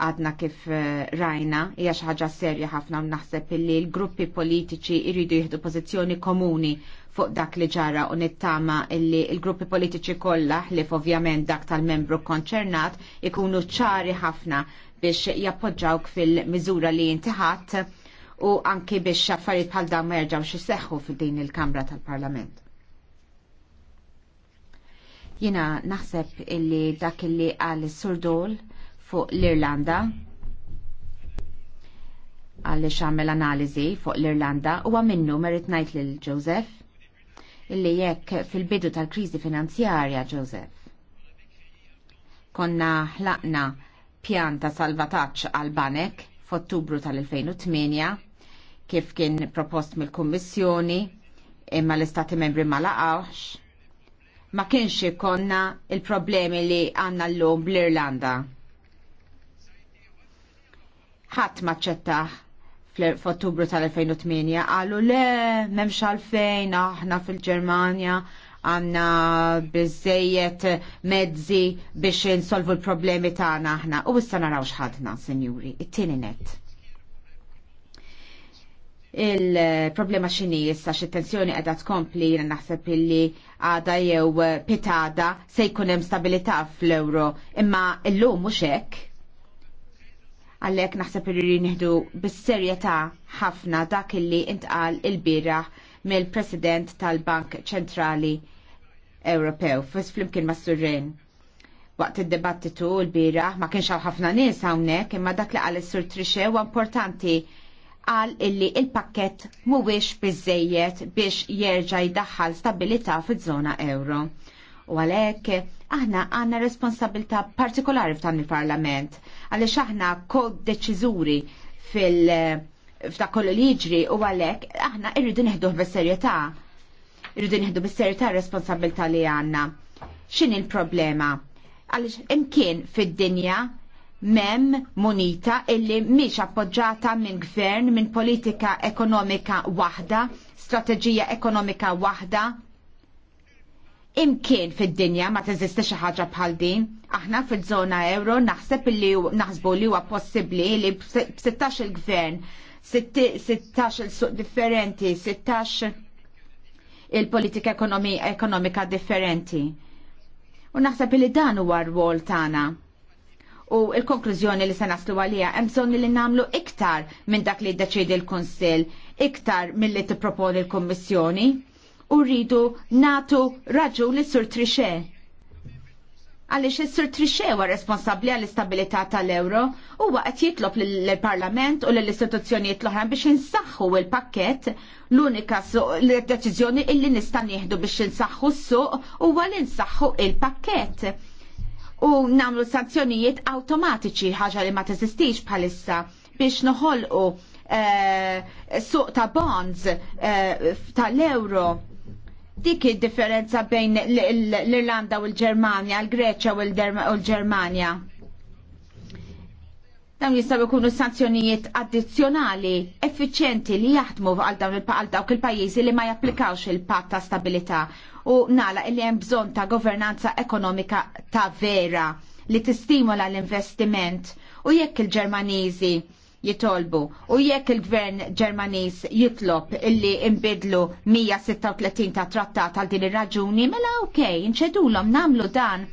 għadna kif eh, rajna, hija xi ħaġa serja ħafna naħseb illi l-gruppi politiċi jridu jieħdu pożizzjoni komuni fuq dak li ġara u nittama illi l-gruppi politiċi kollha ħlif ovvjament dak tal-membru konċernat ikunu ċari ħafna biex jappoġġawk fil-miżura li intiħat u anki biex affarijiet bħal dawn ma jerġgħux fil din il-Kamra tal-Parlament jina naħseb illi dak illi għal surdol fuq l-Irlanda għalli xamel analizi fuq l-Irlanda u għaminnu merit najt lil Joseph illi jekk fil-bidu tal-krizi finanzjarja Joseph. Konna ħlaqna pjan ta' salvataċ għal banek f'Ottubru tal-2008 kif kien propost mill-Kummissjoni imma l-Istati membri ma laqawx ma kienx konna il-problemi li għanna l-lum bl-Irlanda ħadd ma ċċettaħ f'Ottubru tal-2008 qalu le m'hemmx għalfejn aħna fil-Ġermanja għanna bizzejiet mezzi biex insolvu l-problemi tagħna aħna. U issa naraw x'ħadna, sinjuri, it-tieni net. Il-problema x'inhi issa xie tensjoni qiegħda tkompli jina naħseb illi għada jew pitada se jkun hemm stabilità fl-euro, imma llum mhux hekk Għallek naħseb li nieħdu bis-serjetà ħafna dak illi intqal il bira mill-President tal-Bank Ċentrali Ewropew, fis flimkien ma' Surrin. Waqt id-debattitu l bira ma kienx ħafna nies hawnhekk imma dak li qal is-Sur Trixe huwa importanti qal illi il-pakket mhuwiex biżejjed biex jerġa' jdaħħal stabilità fiż-żona euro. U għalhekk aħna għandna responsabilità partikolari f'dan il-Parlament għaliex aħna kod deċizuri fil- f'ta' kollu li jġri u għalhekk aħna irridu neħduħ bis-serjetà. Irridu neħdu bis-serjetà r-responsabilità li għandna. X'in il-problema? Għaliex imkien fid-dinja mem monita illi mhix appoġġata minn gvern minn politika ekonomika waħda, strateġija ekonomika waħda, imkien fid-dinja ma teżisti xi ħaġa bħal din. Aħna fil żona euro naħseb li naħsbu li huwa possibbli li b'16 il-gvern, 16 il-suq differenti, 16 il-politika ekonomika differenti. U naħseb li dan huwa r-wol tagħna. U il-konklużjoni li se naslu għalija hemm bżonn li nagħmlu iktar minn dak li ddeċiedi l-Kunsill, iktar milli tipproponi l-Kummissjoni u rridu natu raġu li sur trixe. Għalix sur trixe huwa responsabli għall istabilità tal-euro u għat jitlob l-parlament u l-istituzzjonijiet l biex insaxħu il-pakket l-unika deċiżjoni illi nista' nieħdu biex insaxħu s-suq u għal insaxħu il-pakket u namlu sanzjonijiet automatiċi ħaġa li ma teżistix bħalissa biex noħolqu eh, suq ta' bonds eh, tal-euro Dik id-differenza bejn l-Irlanda u l-Ġermanja, l-Greċja u l-Ġermanja. Dawn jistgħu jkunu sanzjonijiet addizzjonali effiċjenti li jaħdmu għal dawn il dawk il-pajjiżi li ma japplikawx il-patt ta' stabilità u nala li hemm bżonn ta' governanza ekonomika ta' vera li tistimola l-investiment u jekk il-Ġermaniżi jitolbu. U jekk il-gvern Ġermaniż jitlob illi imbidlu 136 ta' trattat għal din ir-raġuni, mela okej, okay, nċedulhom namlu dan.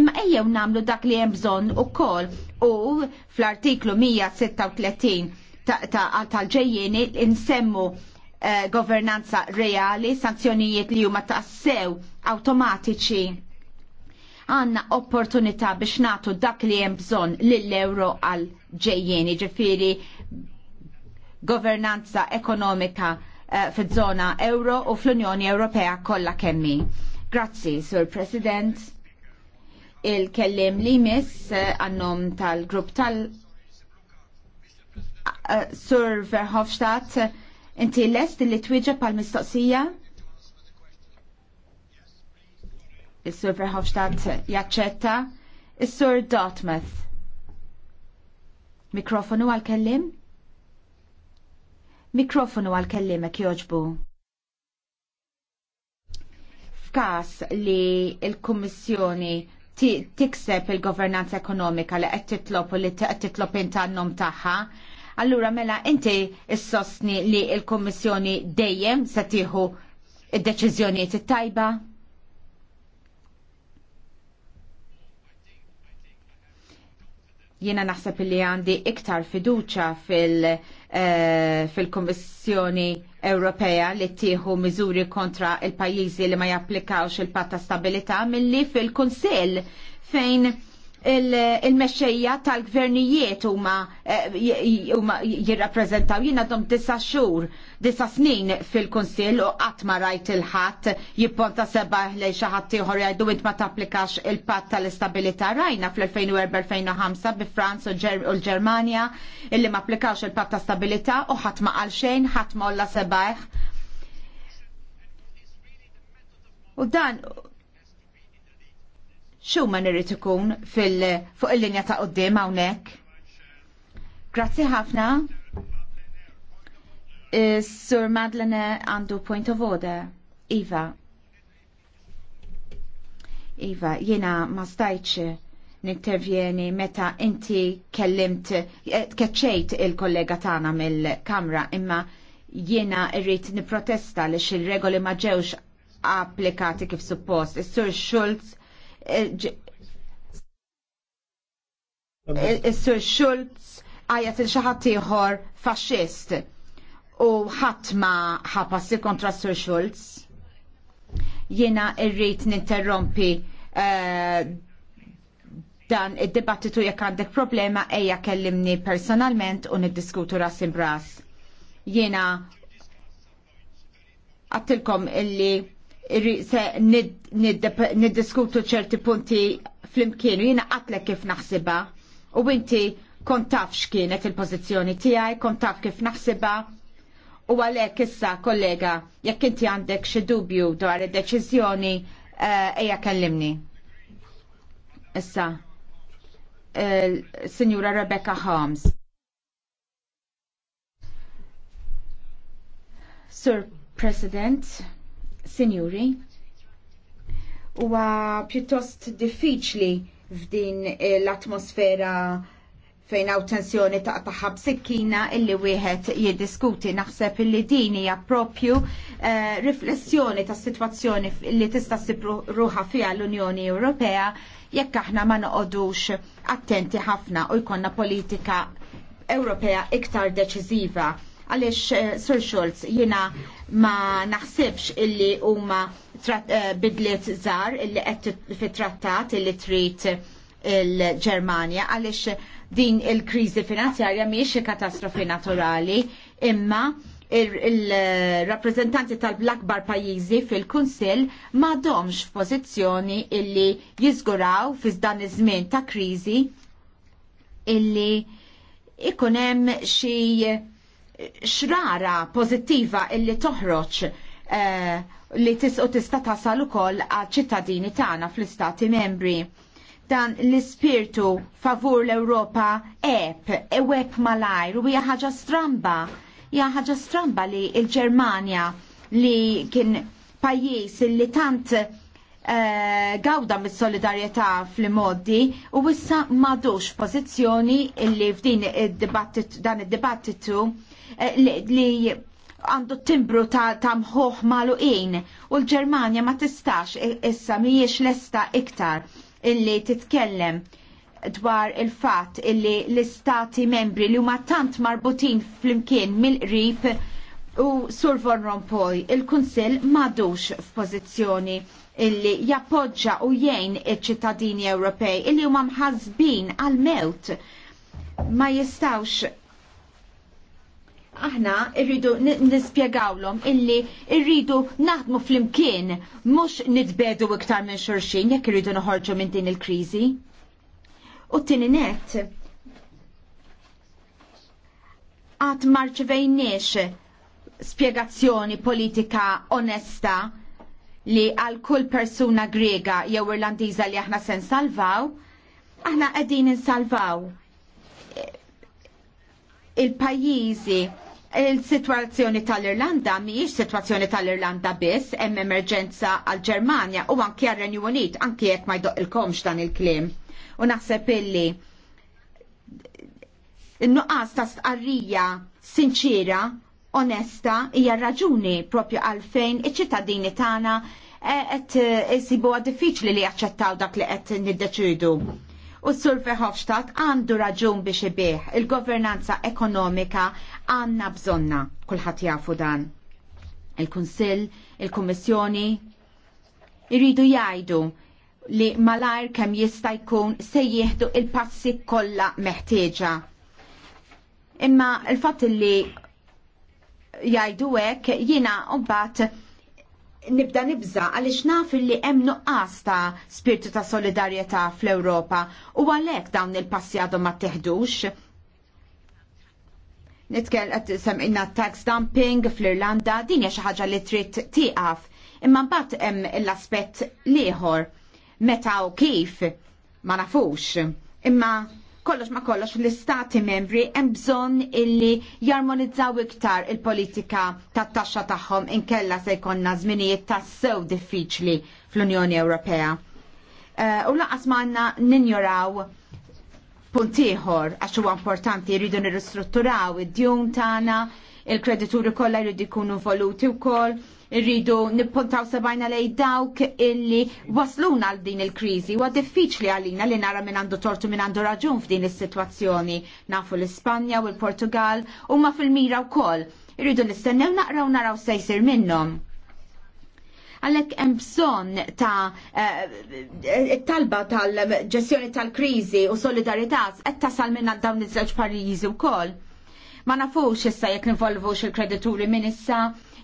Imma ejjew namlu dak li hemm bżonn ukoll u fl-artiklu 136 tal-ġejjeni ta, ta, insemmu eh, governanza reali, sanzjonijiet li huma tassew automatiċi għanna opportunità biex natu dak li hemm bżonn lill-euro għal ġejjeni, ġifiri governanza ekonomika uh, eh, fil-żona euro u fl-Unjoni Ewropea kollha kemmi. Grazzi, Sur President. Il-kellim li miss eh, għannom uh, tal-grupp tal-, eh, Sur Verhofstadt, inti lest li twieġeb pal-mistoqsija? Is-Sur Verhofstadt jaċċetta. Is-Sur Dartmouth. Mikrofonu għal-kellim? Mikrofonu għal ek joġbu. F'kas li il-Kummissjoni tikseb il-governanza ekonomika li qed titlob u li qed titlob n-nom tagħha, allura mela inti issostni li l kummissjoni dejjem se tieħu id-deċiżjonijiet it-tajba? Jiena naħseb li għandi iktar fiduċa fil- uh, eh, fil Ewropea li tieħu miżuri kontra il-pajjiżi li ma japplikawx il-patta stabilità milli fil-Kunsill fejn il-mexxejja tal-gvernijiet huma eh, jirrappreżentaw jien għadhom disa xhur, disa snin fil-Kunsill u qatt ma rajt il-ħadd jipponta sebaħ lejn xi ħadd ieħor jgħidu int ma tapplikax il-patt tal-istabilità rajna fl-2004-2005 bi Franz u l-Ġermanja illi ma applikax il-patt ta' stabilità u ħadd ma qal xejn, ħadd ma olla sebaħ. U dan xu ma nirrit ikun fuq il-linja ta' qoddim hawnhekk. Grazzi ħafna. Sur Madlene għandu point of order. Iva. Iva, jiena ma stajċ nintervjeni meta inti kellimt, keċċejt il-kollega tagħna mill-kamra imma jiena irrit niprotesta li xil regoli ma ġewx applikati kif suppost. Is-Sur Schulz Sir sur Schulz għajat il-xaħat ieħor faxxist u ħadd ma ħapassi kontra Sur Schultz Jiena rrid ninterrompi eh, dan id-dibattitu jekk għandek problema ejja kellimni personalment u niddiskutu ras imbras. Jiena għattilkom illi se niddiskutu ċerti punti fl-imkienu, jina għatle kif naħsiba u inti kontaf x'kienet il-pozizjoni tiegħi, kontaf kif naħsiba u għalhekk issa kollega jekk inti għandek xi dubju dwar id-deċiżjoni eh, ejja kellimni. Issa, eh, Signora Rebecca Holmes. Sir President, Sinjuri, huwa pjuttost diffiċli f'din eh, l-atmosfera fejn għaw tensjoni ta' taħab sikkina illi wieħed jiddiskuti naħseb illi din hija propju eh, riflessjoni ta' sitwazzjoni li tista' ruħa fiha l-Unjoni Ewropea jekk aħna ma noqogħdux attenti ħafna u jkollna politika Ewropea iktar deċiżiva Għaliex eh, Sir Schultz jiena ma naħsibx illi huma eh, bidliet żgħar illi qed fit-trattat illi trid il-Ġermanja għaliex din il-kriżi finanzjarja mhijiex katastrofi naturali imma il-rappresentanti tal-akbar pajjiżi fil-Kunsill ma domx f'pożizzjoni illi jiżguraw fiż dan iż-żmien ta' kriżi illi ikun hemm xi xrara pozittiva illi toħroġ eh, li tisqu tista tasal ukoll għal ċittadini tagħna fl-istati membri. Dan l-ispirtu favur l-Ewropa eb, eweb malajr u hija ħaġa stramba. Hija ħaġa stramba li l-Ġermanja li kien pajjiż li tant Eh, gawda mis solidarjetà fl-modi u issa madux pożizzjoni illi f'din dan id-dibattitu eh, li għandu timbru ta', tamħuħ mħoħ maluqin u l ġermania ma tistax issa mhijiex lesta iktar illi titkellem dwar il-fatt illi l-istati membri li huma tant marbutin fl-imkien mill-qrib u Sur von Rompuy, il-Kunsill madux f'pożizzjoni illi jappoġġa u jgħin iċ-ċittadini Ewropej illi huma mħazbin għal-mewt ma jistawx aħna irridu nispjegawlhom illi irridu naħdmu fl-imkien mhux nitbedu iktar minn xorxin jekk irridu noħorġu minn din il-kriżi. U t-tieni net għad marċvejniex spiegazzjoni politika onesta li għal kull persuna grega jew irlandiża li aħna se nsalvaw, aħna qegħdin insalvaw il-pajjiżi il sitwazzjoni tal-Irlanda mhijiex sitwazzjoni tal-Irlanda biss, hemm emerġenza għal-Ġermanja u anki għar renju Unit, anki jekk ma jdoqilkomx dan il-klim. U naħseb illi n-nuqqas ta' stqarrija sinċira onesta hija raġuni propju għalfejn iċ-ċittadini tagħna eh, qed eh, isibuha diffiċli li jaċċettaw dak li qed niddeċidu. U s-Sur Verhofstadt għandu raġun biex ibih il-governanza ekonomika għandna bżonna kulħadd jafu dan. Il-Kunsill, il-Kummissjoni jridu jgħidu li malajr kemm jista' jkun se jieħdu il-passi kollha meħtieġa. Imma il-fatt li jajdu hekk jiena mbagħad nibda nibza għaliex naf li hemm nuqqas ta' spirtu ta' solidarjetà fl-Ewropa u għalhekk dawn il-passi għadhom ma teħdux. Nitkell qed semqina tax dumping fl-Irlanda din hija xi ħaġa li trid tieqaf. Imma mbagħad hemm l-aspett l ieħor meta u kif ma nafux. Imma kollox ma kollox l-istati membri hemm bżonn illi jarmonizzaw iktar il-politika tat-taxxa tagħhom inkella se jkollna żminijiet tassew diffiċli fl-Unjoni Ewropea. Eh, u laqas għandna ninjoraw punt ieħor għax huwa importanti jridu nirristrutturaw id-djun tagħna il-kredituri kollha jridu jkunu voluti wkoll, irridu nippuntaw sebajna lej dawk illi wasluna għal din il-kriżi. Huwa diffiċli għalina li nara minn għandu tortu minn għandu raġun f'din is-sitwazzjoni. Nafu l-Ispanja u l-Portugal huma fil-mira wkoll. Irridu nistennew naqraw naraw se jsir minnhom għalek hemm bżonn ta' eh, talba tal-ġestjoni tal-kriżi u solidarità qed tasal minn dawn iż-żewġ pajjiżi wkoll. Ma nafux issa jekk nivolvux il-kredituri minn issa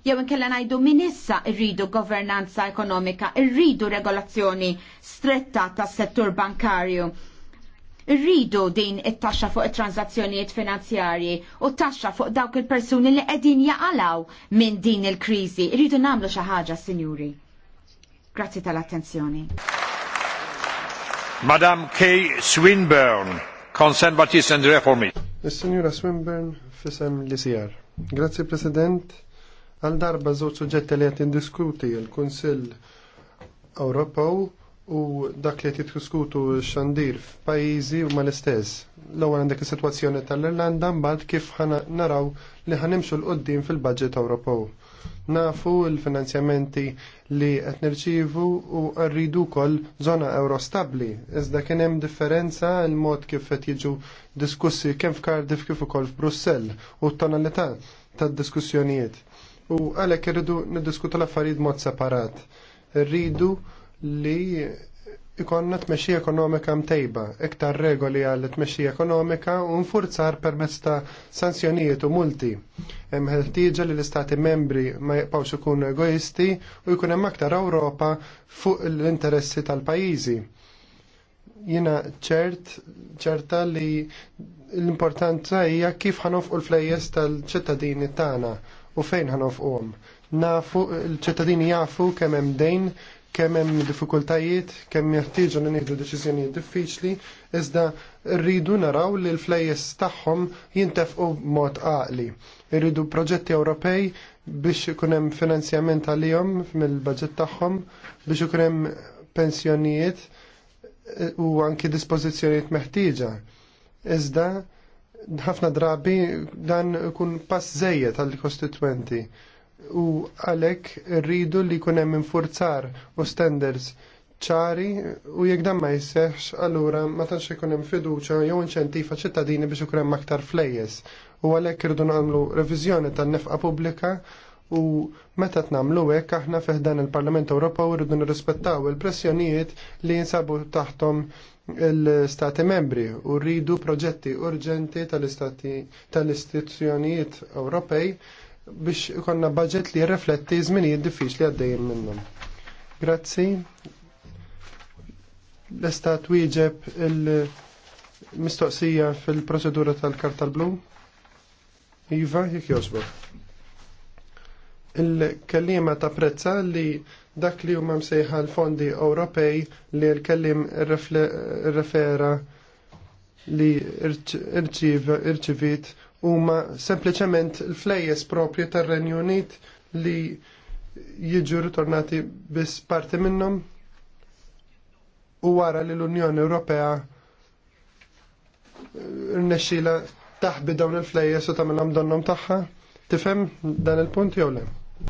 jew inkella ngħidu minn issa rridu governanza ekonomika, irridu regolazzjoni stretta tas-settur bankarju. Irridu din it-taxxa fuq it-transazzjonijiet finanzjarji u taxxa fuq dawk il-persuni li qegħdin jaqalaw minn din il-kriżi. Irridu nagħmlu xi ħaġa, sinjuri. Grazzi tal-attenzjoni. Madam Kay Swinburne, Conservatives and Reformists. Is-Sinjura Swinburne fissem li sijar. Grazzi President, għal darba żewġ suġġetti li qed indiskuti l-Kunsill Ewropew u dak li qed jitkuskutu xandir f'pajjiżi huma l-istess. L-ewwel għandek is-sitwazzjoni tal-Irlanda mbagħad kif naraw li ħanimxu l-qoddim fil-budget Ewropew. Nafu l-finanzjamenti li qed nirċievu u rridu wkoll żona euro Iżda kien hemm differenza il mod kif qed jiġu diskussi kemm f'Cardiff kif ukoll f'Brussell u t-tonalità tad-diskussjonijiet. U għalhekk irridu niddiskutu l-affarijiet mod separat. Rridu li ikonna tmexxija ekonomika mtejba, iktar regoli għal tmexxija ekonomika u nfurzar permezz ta' sanzjonijiet u multi. Hemm ħeltieġa li l-istati membri ma jibqgħux ikunu egoisti u jkun hemm aktar Ewropa fuq l-interessi tal-pajjiżi. Jiena ċert, ċerta li l-importanza hija kif ħanofqu l-flejjes tal-ċittadini tagħna u fejn ħanofquhom. Nafu l-ċittadini jafu kemm hemm dejn kemm hemm diffikultajiet, kemm jeħtieġu li nieħdu deċiżjonijiet diffiċli, iżda rridu naraw li l-flejjes tagħhom jintefqu b'mod għaqli. Irridu proġetti Ewropej biex ikun hemm finanzjament għalihom mill-baġġett tagħhom, biex ikun hemm pensjonijiet eh, u anki dispożizzjonijiet meħtieġa. Iżda ħafna drabi dan kun pass żejjed għall-kostitwenti u għalhekk rridu li jkun hemm infurzar u standards ċari u jekk dan ma jseħx allura ma tantx ikun hemm fiduċja jew inċentifa ċittadini biex ikun hemm aktar flejjes u għalhekk irridu nagħmlu reviżjoni tan-nefqa pubblika u meta tnamlu hekk aħna fih dan il-Parlament Ewropew irridu nirrispettaw il-pressjonijiet li jinsabu taħtom l-Stati membri u rridu proġetti urġenti tal-istituzzjonijiet Ewropej biex ikonna budget li jirrefletti żminijiet diffiċli għaddejjin minnhom. Grazzi. L-estat wieġeb il-mistoqsija fil-prosedura tal-karta blu. Iva, jek josbor. Il-kellima ta' prezza li dak li huma msejħa l-fondi Ewropej li l-kellim refera li irċivit huma sempliċement l-flejjes propju tar-Renju Unit li jiġu ritornati biss parti minnhom u wara li l-Unjoni Ewropea eh, rnexxila taħbi dawn il-flejjes u tagħmilhom donnom tagħha. Tifhem dan il-punt jew le?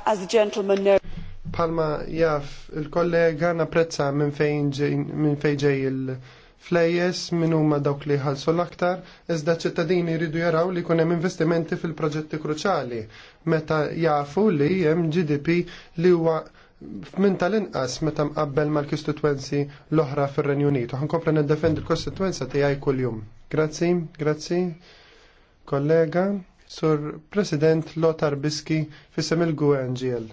As the gentleman no. Palma jaf il-kollega napprezza minn fejn minn fejn ġej il- flejjes minn huma dawk li ħalsu l-aktar, iżda ċittadini jridu jaraw li jkun hemm investimenti fil-proġetti kruċali meta jafu li hemm GDP li huwa minn tal-inqas meta mqabbel mal-kostitwenzi l-oħra fir-Renju Unit. Ħankompla niddefendi l-kostitwenza tiegħi kuljum. Grazzi, grazzi, kollega, sur President Lothar Biski fissem il-GUNGL.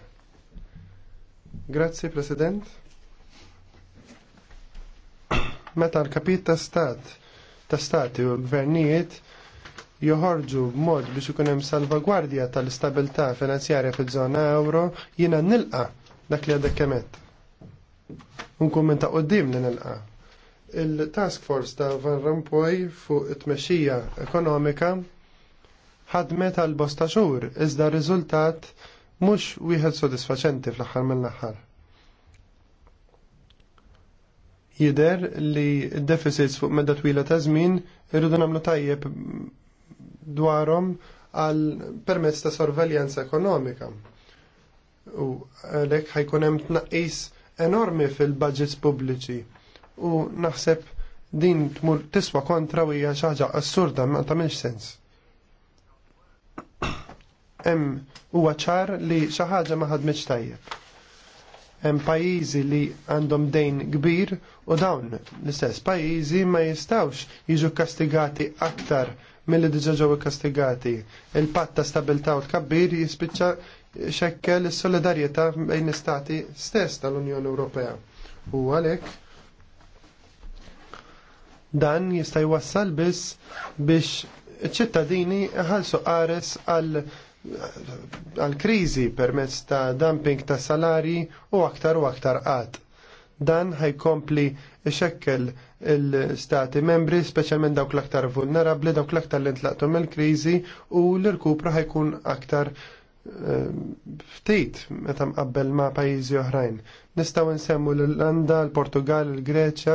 Grazzi, President meta l-kapit ta' stat ta' stati u l-gvernijiet joħorġu b'mod biex ikun hemm salvagwardja tal-istabilità finanzjarja fiż-żona euro jiena nilqa dak li għadek kemet. Unkun minn ta' qoddim li nilqa. Il-task force ta' Van Rompuy fuq it-tmexxija ekonomika ħadmet għal bosta xhur iżda r-riżultat mhux wieħed sodisfaċenti fl-aħħar mill-aħħar. Jider li deficits fuq medda twila ta' żmien irridu nagħmlu tajjeb dwarhom għal permezz ta' sorveljanza ekonomika. U għalhekk ħajkun hemm tnaqqis enormi fil-budgets pubbliċi u naħseb din tmur tiswa kontra u hija xi ħaġa assurda ma tagħmilx sens. Hemm huwa ċar li xi ħaġa ma ħadmitx tajjeb hemm pajjiżi li għandhom dejn kbir u dawn l-istess pajjiżi ma jistawx jiġu kastigati aktar mill-li diġa ġew kastigati. Il-patt ta' stabilità u kabbir jispiċċa xekkel is-solidarjetà bejn l-istati stess tal-Unjoni Ewropea. U għalhekk dan jista' jwassal biss biex ċittadini ħalsu qares għal għal-krizi permezz ta' dumping ta' salari u aktar u aktar għad. Dan ħajkompli xekkel l-stati membri, speċjalment dawk l-aktar vulnerabli, dawk l-aktar li intlaqtu mill krizi u l-irkupra ħajkun aktar ftit meta mqabbel ma' pajjiżi oħrajn. Nistgħu nsemmu l-Irlanda, l-Portugal, il-Greċja,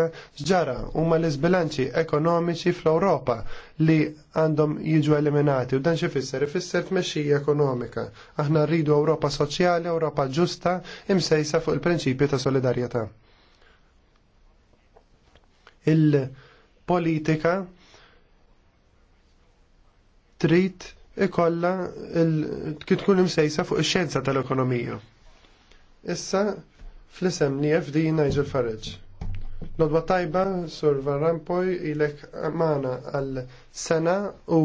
ġara huma l-iżbilanċi ekonomiċi fl-Ewropa li għandhom jiġu eliminati u dan xi fisser ifisser tmexxija ekonomika. Aħna rridu Ewropa soċjali, Ewropa ġusta, imsejsa fuq il-prinċipju ta' solidarjetà. Il-politika trid ikolla tkun imsejsa fuq ix-xjenza tal-ekonomija. Issa fl-isem li FD l Farage. Lodwa tajba, Sur Varrampoj, ilek amana għal-sena u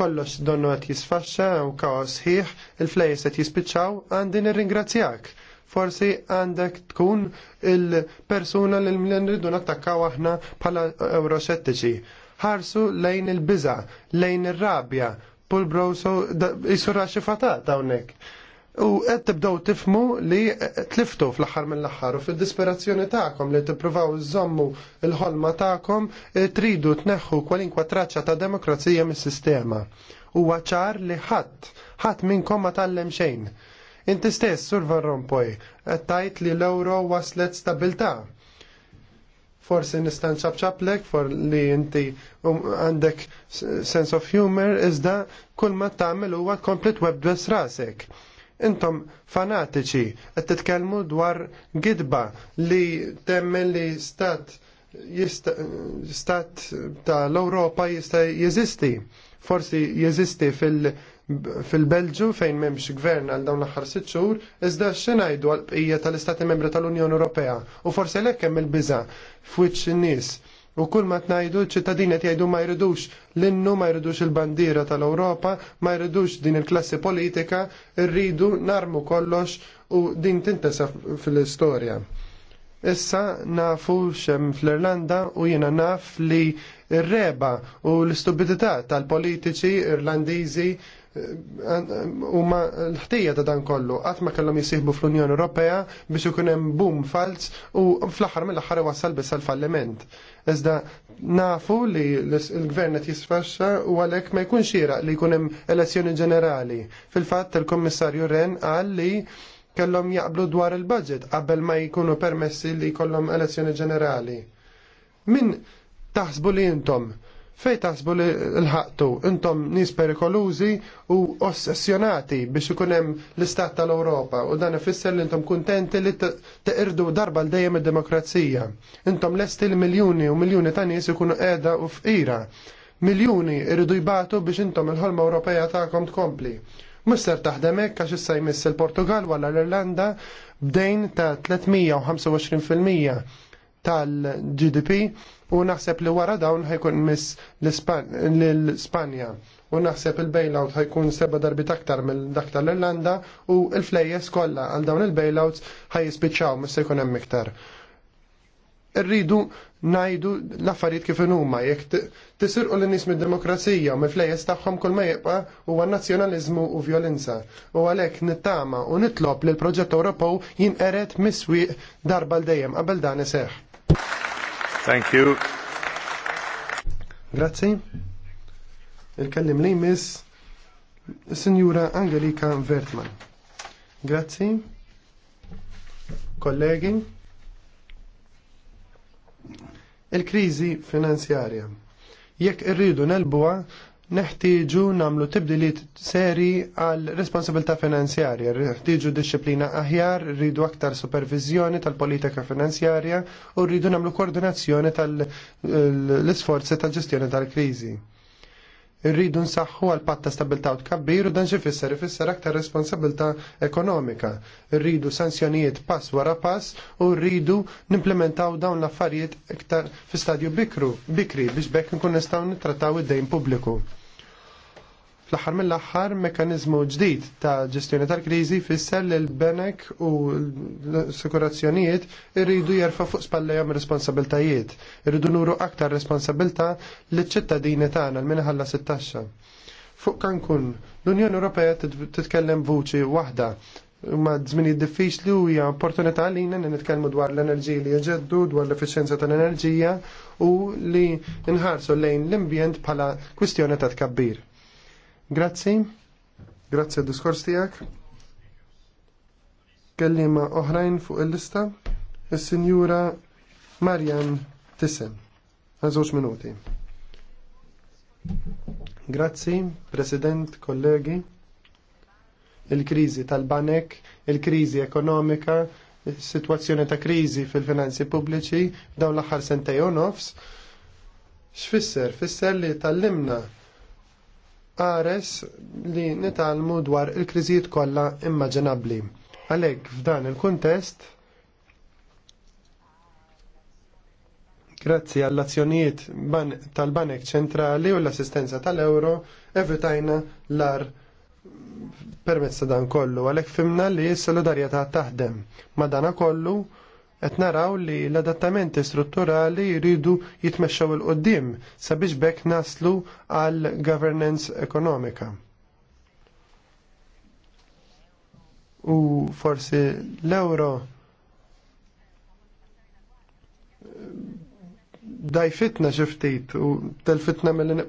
kollox donnu għat jisfaxxa u kaos ħiħ, il-flejjes għat jispiċċaw, għandin ir-ringrazzjak forsi għandek tkun il-persuna li nridu nattakkaw aħna bħala euroxettiċi. Ħarsu lejn il-biza, lejn ir-rabja, Pull Pulbroso jisura xi fatat hawnhekk. U qed tibdew tifmu li tliftu fl-aħħar mill-aħħar u fid-disperazzjoni tagħkom li tippruvaw iżommu l-ħolma tagħkom eh, tridu tneħħu kwalinkwa traċċa ta' demokrazija mis-sistema. Huwa ċar li ħadd ħadd minnkom ma tallem xejn. Inti stess, Sur Van Rompuy, qed tgħid li l-ewro waslet stabilta' forsi nista' nċabċaplek for li inti um, għandek sense of humor iżda kull ma tagħmel huwa web webdress rasek. Intom fanatiċi qed titkellmu dwar gidba li temmen li stat jista, stat ta' l-Ewropa jista' jeżisti. Forsi jeżisti fil- fil-Belġu fejn memx gvern għal dawn l-aħħar sitt xhur, iżda ngħidu għal bqija tal-Istati Membri tal-Unjoni Ewropea. U forsi lek hemm il-biża' f'wiċċ in-nies. U kull ma tnajdu ċittadini qed jgħidu ma jridux l-innu, ma jridux il-bandiera tal-Ewropa, ma jridux din il-klassi politika, rridu narmu kollox u din tintesa fil-istorja. Issa nafu xem fl-Irlanda u jiena naf li r-reba u l-stupidità tal-politiċi irlandiżi huma l-ħtija ta' dan kollu qatt ma kellhom jisieħbu fl-Unjoni Ewropea biex ikun hemm boom falz u fl-aħħar mill-aħħar wasal biss għall-falliment. Iżda nafu li l-gvern qed jisfaxxa u għalhekk ma jkunx xira li jkun hemm elezzjoni ġenerali. Fil-fatt il-Kummissarju Ren qal li kellhom jaqblu dwar il-budget qabel ma jkunu permessi li jkollhom elezzjoni ġenerali. Min taħsbu li intom Fej taħsbu li l-ħaqtu, intom nis perikolużi u ossessjonati biex ikunem l-istat tal-Europa u dan ifisser li intom kontenti li teqirdu darba l-dejjem id-demokrazija. Intom lesti l-miljoni u miljoni ta' nies ikunu qiegħda u fqira. Miljuni irridu jbatu biex intom il-ħolma Ewropea tagħkom tkompli. Mister taħdemek għax issa jmiss il-Portugal wala l-Irlanda b'dejn ta' 325% tal-GDP u naħseb li wara dawn ħajkun miss l-Spanja u naħseb il-bailout ħajkun seba darbit aktar mill dak tal-Irlanda u il-flejjes kollha għal dawn il-bailouts ħajispiċċaw mis se jkun hemm iktar. Irridu najdu l-affarijiet kif huma jekk tisirqu l nies mid-demokrazija u mill-flejjes tagħhom kull ma jibqa' huwa nazzjonaliżmu u vjolenza. U għalhekk nittama u nitlob li l-proġett Ewropew jinqered miswieq darba l dejjem qabel dan iseħħ. Thank you. Grazzi. Il-kellim li miss Signora Angelika Vertman. Grazie. Kollegi. Il-krizi finanzjarja. Jekk irridu nelbuha neħtieġu namlu tibdiliet seri għal responsabilità finanzjarja, neħtieġu disċiplina aħjar, rridu aktar supervizjoni tal-politika finanzjarja u rridu namlu koordinazzjoni tal-isforzi tal-ġestjoni tal-krizi. Rridu nsaħħu għal patta stabilta u tkabbir u dan ġifisser ifisser aktar responsabilità ekonomika. Rridu sanzjonijiet pass wara pass u rridu nimplementaw dawn l-affarijiet iktar fi stadju bikru, bikri biex bekk nkun nistgħu nittrattaw id-dejn pubbliku Fl-aħħar mill-aħħar mekanizmu ġdid ta' ġestjoni tal-kriżi fisser li l-benek u l-assikurazzjonijiet irridu jerfa' fuq spallejhom responsabiltajiet, irridu nuru aktar responsabilità liċ-ċittadini tagħna l-minħalla sit-taxxa. Fuq kankun, l-Unjoni Ewropea titkellem vuċi waħda ma żmini diffiċli u hija opportunità għalina li nitkellmu dwar l-enerġija li jġeddu, dwar l-efficienza tal-enerġija u li nħarsu lejn l-ambjent bħala kwistjoni ta' tkabbir. Grazzi, grazzi għad-diskors tijak. Kellima oħrajn fuq il-lista, il-Sinjura Marjan Tissen, għazoċ minuti. Grazzi, President, kollegi il-krizi tal-banek, il-krizi ekonomika, situazzjoni ta' krizi fil-finanzi pubbliċi dawn l-aħħar sentej nofs. X'fisser? Fisser li tal-limna għares li nitalmu dwar il-kriżijiet kollha immaġinabbli. Għalhekk f'dan il-kuntest Grazzi għall-azzjonijiet tal-Banek ċentrali u l-assistenza tal-Euro evitajna l-ar permezz dan kollu, għalhekk fimna li s-solidarjetà taħdem. Madana kollu, qed naraw li l-adattamenti strutturali jridu jitmexxaw il qoddim sabiex bekk naslu għal governance ekonomika. U forsi l-euro fitna xiftit u tal-fitna mill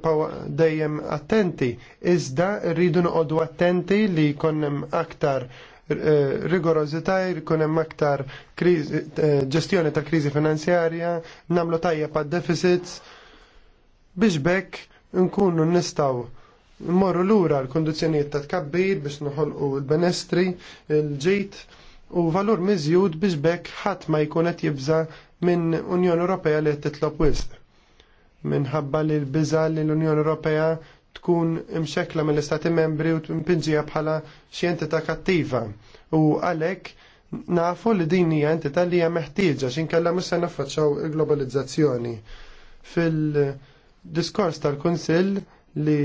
dejjem attenti, iżda rridu noqodu attenti li jkunem aktar rigorozita, jkun hemm aktar eh, ġestjoni ta' kriżi finanzjarja, nagħmlu tajja pad deficits biex bekk nkunu nistgħu mmorru lura l-kondizzjonijiet ta' tkabbir biex noħolqu l-benestri, l-ġejt u valur miżjud biex bekk ħadd ma jkun qed jibża minn Unjoni Ewropea li titlob wisq minħabba li l-biża li l-Unjoni Ewropea tkun imxekla mill-istati membri u timpinġija bħala xi entità kattiva. U għalhekk nafu li din hija entità li hija meħtieġa x'in mhux se naffaċċaw il-globalizzazzjoni. Fil-diskors tal-Kunsill li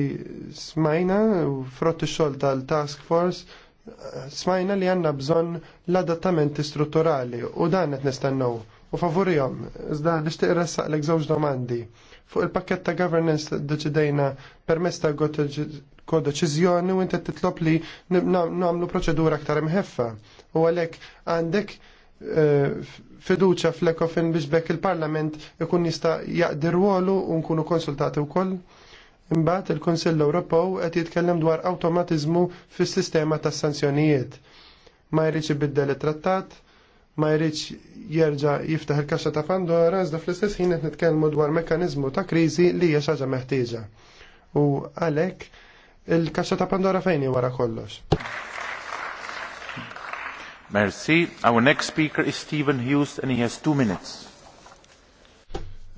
smajna u frott ix-xogħol tal-Task Force smajna li għanna bżon l-adattamenti strutturali u dan qed nistennew u favorijom. Iżda nixtieq ressaq l-ek żewġ domandi. Fuq il-pakket ta' governance deċidejna permess ta' kodeċizjoni u inti titlob li nagħmlu proċedura aktar imħeffa. U għalhekk għandek eh, fiduċa fl-ekofin biex bekk il-Parlament ikun jista' jaqdi rwolu u nkunu konsultati wkoll. Imbagħad il-Kunsill Ewropew qed jitkellem dwar awtomatiżmu fis-sistema tas-sanzjonijiet. Ma jridx ibiddel it-trattat, ma jridx jerġa' jiftaħ il-kaxxa ta' Pandora iżda fl-istess ħin nitkellmu dwar mekkaniżmu ta' kriżi li hija xaġa meħtieġa. U għalhekk il-kaxxa ta' Pandora fejn hi wara kollox. Merci. Our next speaker is Stephen Hughes and he has two minutes.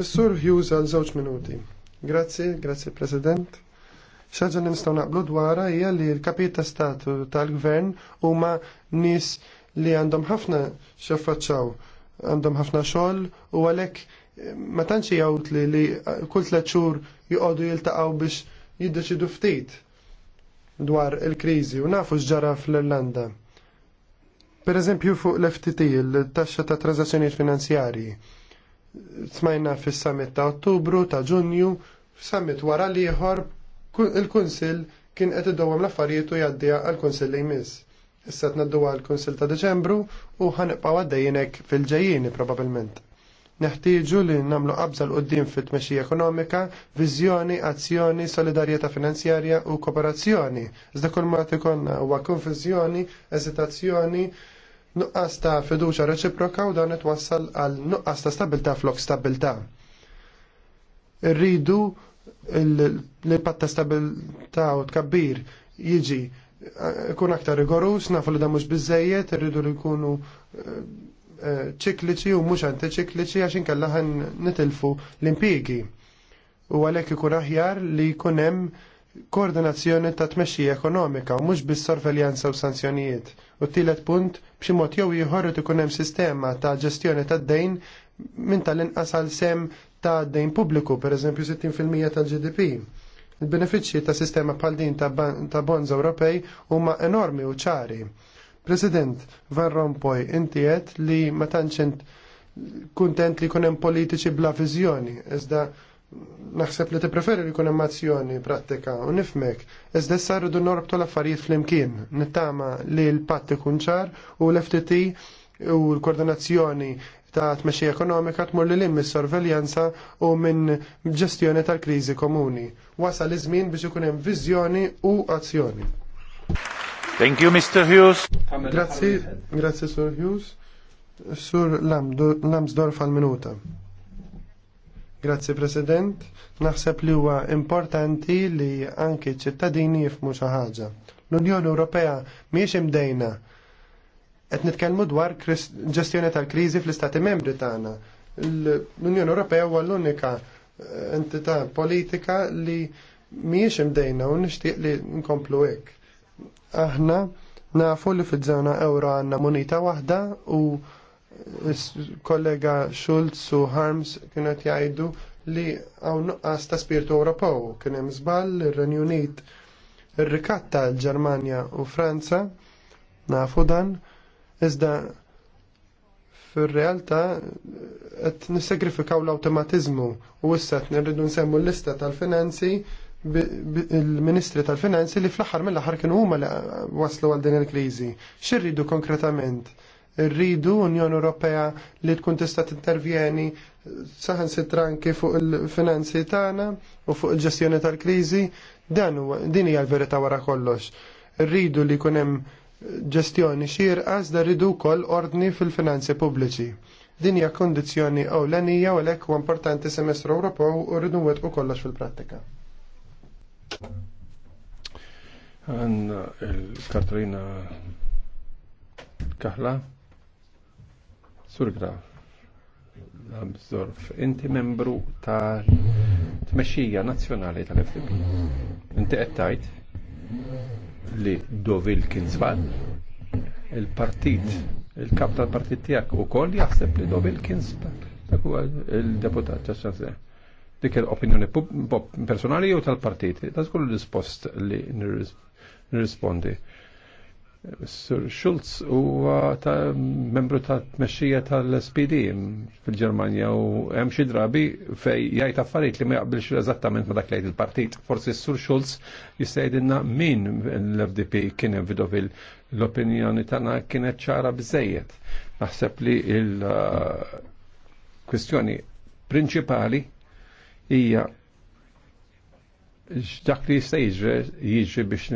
sur Hughes għal żewġ minuti. Grazzi, grazzi President. Xaġa nistgħu naqblu dwara hija li l kapita statu tal-gvern huma nies li għandhom ħafna xaffaċċaw, għandhom ħafna xogħol u għalhekk ma tantx jgħid li, li kull tliet xhur joqogħdu jiltaqgħu biex jiddeċidu ftit dwar il-kriżi u nafu x'ġara fl-Irlanda. Per eżempju fuq l-FTT, il-taxxa ta' transazzjonijiet finanzjarji. Smajna fis-summit ta' Ottubru, ta' Ġunju, summit wara li jħor il-Kunsill kien qed idowhom l-affarijiet u jgħaddiha għall-Kunsill li jmiss. Issa tnaddu għal kunsil ta' Deċembru u ħanibqgħu għaddejjinek fil ġejjini probabbilment. Neħtieġu li nagħmlu qabżal l qoddim fit-tmexxija ekonomika, viżjoni, azzjoni, solidarjetà finanzjarja u kooperazzjoni. Iżda kull ma tikonna huwa konfużjoni, eżitazzjoni, nuqqas ta' fiduċa reċiproka u dan itwassal għal nuqqas ta' stabilta' flok stabilta'. Irridu l-patta stabilta' u tkabbir jiġi kun aktar rigorus, nafu li da mux bizzejiet, rridu li kunu eh, eh, ċikliċi u mux antiċikliċi għaxin kalla ħan nitilfu l-impiegi. U għalek ikun aħjar li kunem koordinazzjoni ta' tmexxija ekonomika u mhux biss sorveljanza u sanzjonijiet. U t-tielet punt b'xi mod jew ieħor ikun hemm sistema ta' ġestjoni tad-dejn minn tal-inqas għal sem ta' dejn pubbliku, pereżempju 60% tal-GDP Il-benefiċċji ta' sistema bħal din ta' bonds Ewropej huma enormi u ċari. President Van Rompuy, inti li ma tantx kuntent li jkun hemm politiċi bla viżjoni, iżda naħseb li tippreferi li jkun hemm azzjoni prattika u nifmek. Iżda s issa du norbtu l-affarijiet flimkien, nittama li l-patt ikun ċar u l-FTT u l-koordinazzjoni ta' tmexxi ekonomika tmur li lim mis-sorveljanza u minn ġestjoni tal-kriżi komuni. Wasal iż-żmien biex ikun hemm viżjoni u azzjoni. Thank you, Mr. Hughes. Grazzi, grazzi, Sur Hughes. Sur Lamsdorf għal-minuta. Grazzi President, naħseb li huwa importanti li anke ċittadini jifmu xi ħaġa. L-Unjoni Ewropea mhijiex imdejna qed nitkellmu dwar ġestjoni tal-kriżi fl-Istati Membri tagħna. L-Unjoni Ewropea huwa l-unika eh, entità politika li mhijiex imdejna u nixtieq li nkomplu hekk. Aħna nafu li fiż-żona euro għandna munita waħda u kollega Schulz u Harms kienu qed jgħidu li għaw nuqqas ta' spiritu Ewropew kien hemm żball ir-Renju Unit ir-rikatta l-Ġermanja u Franza nafu dan Iżda fir-realtà qed nissagrifikaw l-awtomatiżmu u issa qed nirridu nsemmu l-lista tal-finanzi il-Ministri tal-Finanzi li fl-aħħar mill-aħħar kienu huma li waslu għal din il-kriżi. X'irridu konkretament? Rridu Unjoni Ewropea li tkun tista' tintervjeni saħan sitranki fuq il-finanzi tagħna u fuq il-ġestjoni tal-kriżi, dan din hija l-verità wara kollox. Rridu li jkun hemm ġestjoni għaz da ridu wkoll ordni fil-finanzi pubbliċi. Din hija l-anija u lek huwa importanti semestru Ewropew u rridu u kollox fil-prattika. Għanna il-Katrina Kahla Surgraf L-abżorf, inti membru tal-Tmexxija Nazzjonali tal-FDP. Inti qed tgħid li Dovil kien zbal, il-partit, il-kap tal-partit tiegħek ukoll jaħseb li Dovil kien zbal. Dak huwa il-deputat ċaċċaċe. Dik l-opinjoni personali jew tal-partit. Dak kollu rispost li nirrispondi. Sur Schulz huwa ta' membru ta' tmexxija tal-SPD fil-Ġermanja u hemm xi drabi fej jgħid affarijiet li ma jaqbilx eżattament ma dak li il-partit. Forsi Sur Schulz jistgħidilna min l-FDP kien hemm l-opinjoni tagħna kienet ċara biżejjed. Naħseb li l-kwistjoni uh, prinċipali hija dak li jista' jiġri biex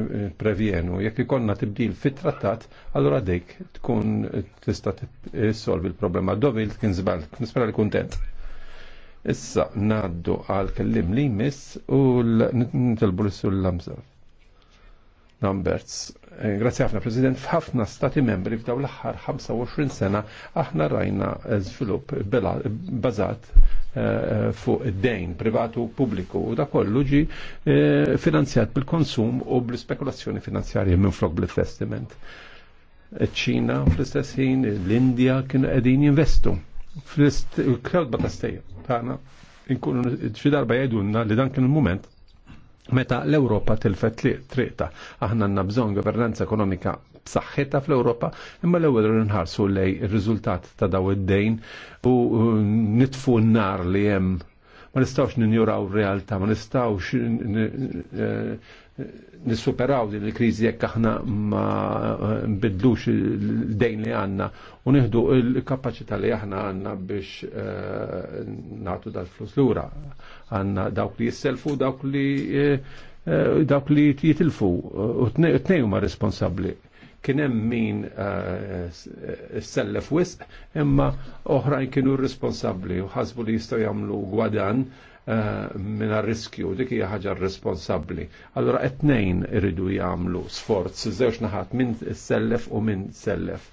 prevjenu, jekk ikonna tibdil fit-trattat, allura dik tkun tista' tissolvi l-problema. Dovi kien żball, nispera li kuntent. Issa ngħaddu għal kellim li jmiss u nitilbu l-sul l-lamsar. Lamberts. Eh, grazie ħafna, President, f'ħafna stati membri f'daw l-aħħar 25 sena aħna rajna zvilup eh, bazat eh, fuq id-dejn privatu u pubbliku u da kollu ġi finanzjat bil-konsum u bl-spekulazzjoni finanzjarja minn flok bl-investiment. Ċina fl-istess ħin, l-Indja kienu qegħdin jinvestu. Fl-kelba ta' stejja tagħna inkunu xi darba jgħidulna li dan kien il meta l-Europa tilfet triqta. Aħna għanna bżonn governanza ekonomika b'saħħitha fl-Ewropa, imma l-ewwel nħarsu lej ir-riżultat ta' daw id-dejn u nitfu n-nar li hemm ma nistawx ninjuraw realtà, ma nistawx nissuperaw din il-krizi jekk aħna ma eh, nbidlux il-dejn li għanna u nieħdu l-kapaċità li aħna għanna biex eh, nagħtu dal-flus lura. Għanna dawk li jisselfu dawk li eh, dawk li jitilfu u tnejn huma responsabbli. Kien hemm min sellef wisq imma oħrajn kienu responsabbli u ħasbu li jistgħu jagħmlu gwadan Eh, minn riskju dik hija ħaġa responsabbli. Allora qed nejn iridu jagħmlu sforz żewġ naħat minn sellef u minn sellef.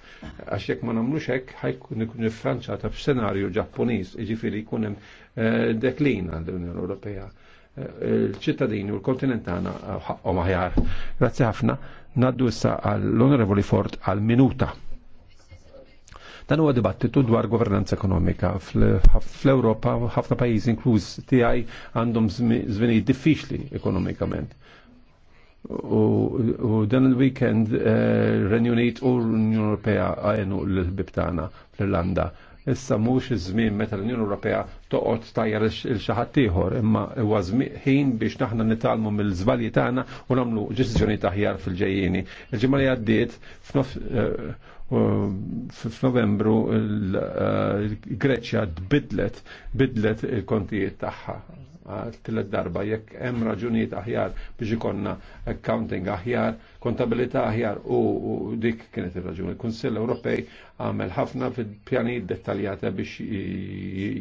Għax jekk ma nagħmlux hekk ħajkun ikun iffranċata f'senarju Ġappuniż, jiġifieri jkun hemm eh, deklina l-Unjoni Ewropea eh, il-ċittadini u l-kontinent tagħna ħaqhom aħjar. Grazzi ħafna. Naddu issa għall-Onorevoli Ford għal minuta. Dan huwa dibattitu dwar governanza ekonomika. Fl-Europa ħafna pajjiżi inkluż tiegħi għandhom żminijiet diffiċli ekonomikament. U dan il-weekend eh, Renjunit u l-Unjoni Ewropea għajnu l-ħbib tagħna fl-Irlanda issa mhux iż-żmien meta l-Unjoni Ewropea toqgħod tajjar il xi ħadd ieħor, imma huwa ħin biex naħna nitalmu mill-żbalji tagħna u nagħmlu ġestiġjoni taħjar fil-ġejjieni. Il-ġimgħa li għaddiet eh, f'Novembru eh, il-Greċja tbidlet bidlet il-kontijiet tagħha tillet darba jekk hemm raġunijiet aħjar biex ikonna accounting aħjar, kontabilità aħjar u dik kienet ir-raġuni. Il-Kunsill Ewropej għamel ħafna fil-pjanijiet dettaljata biex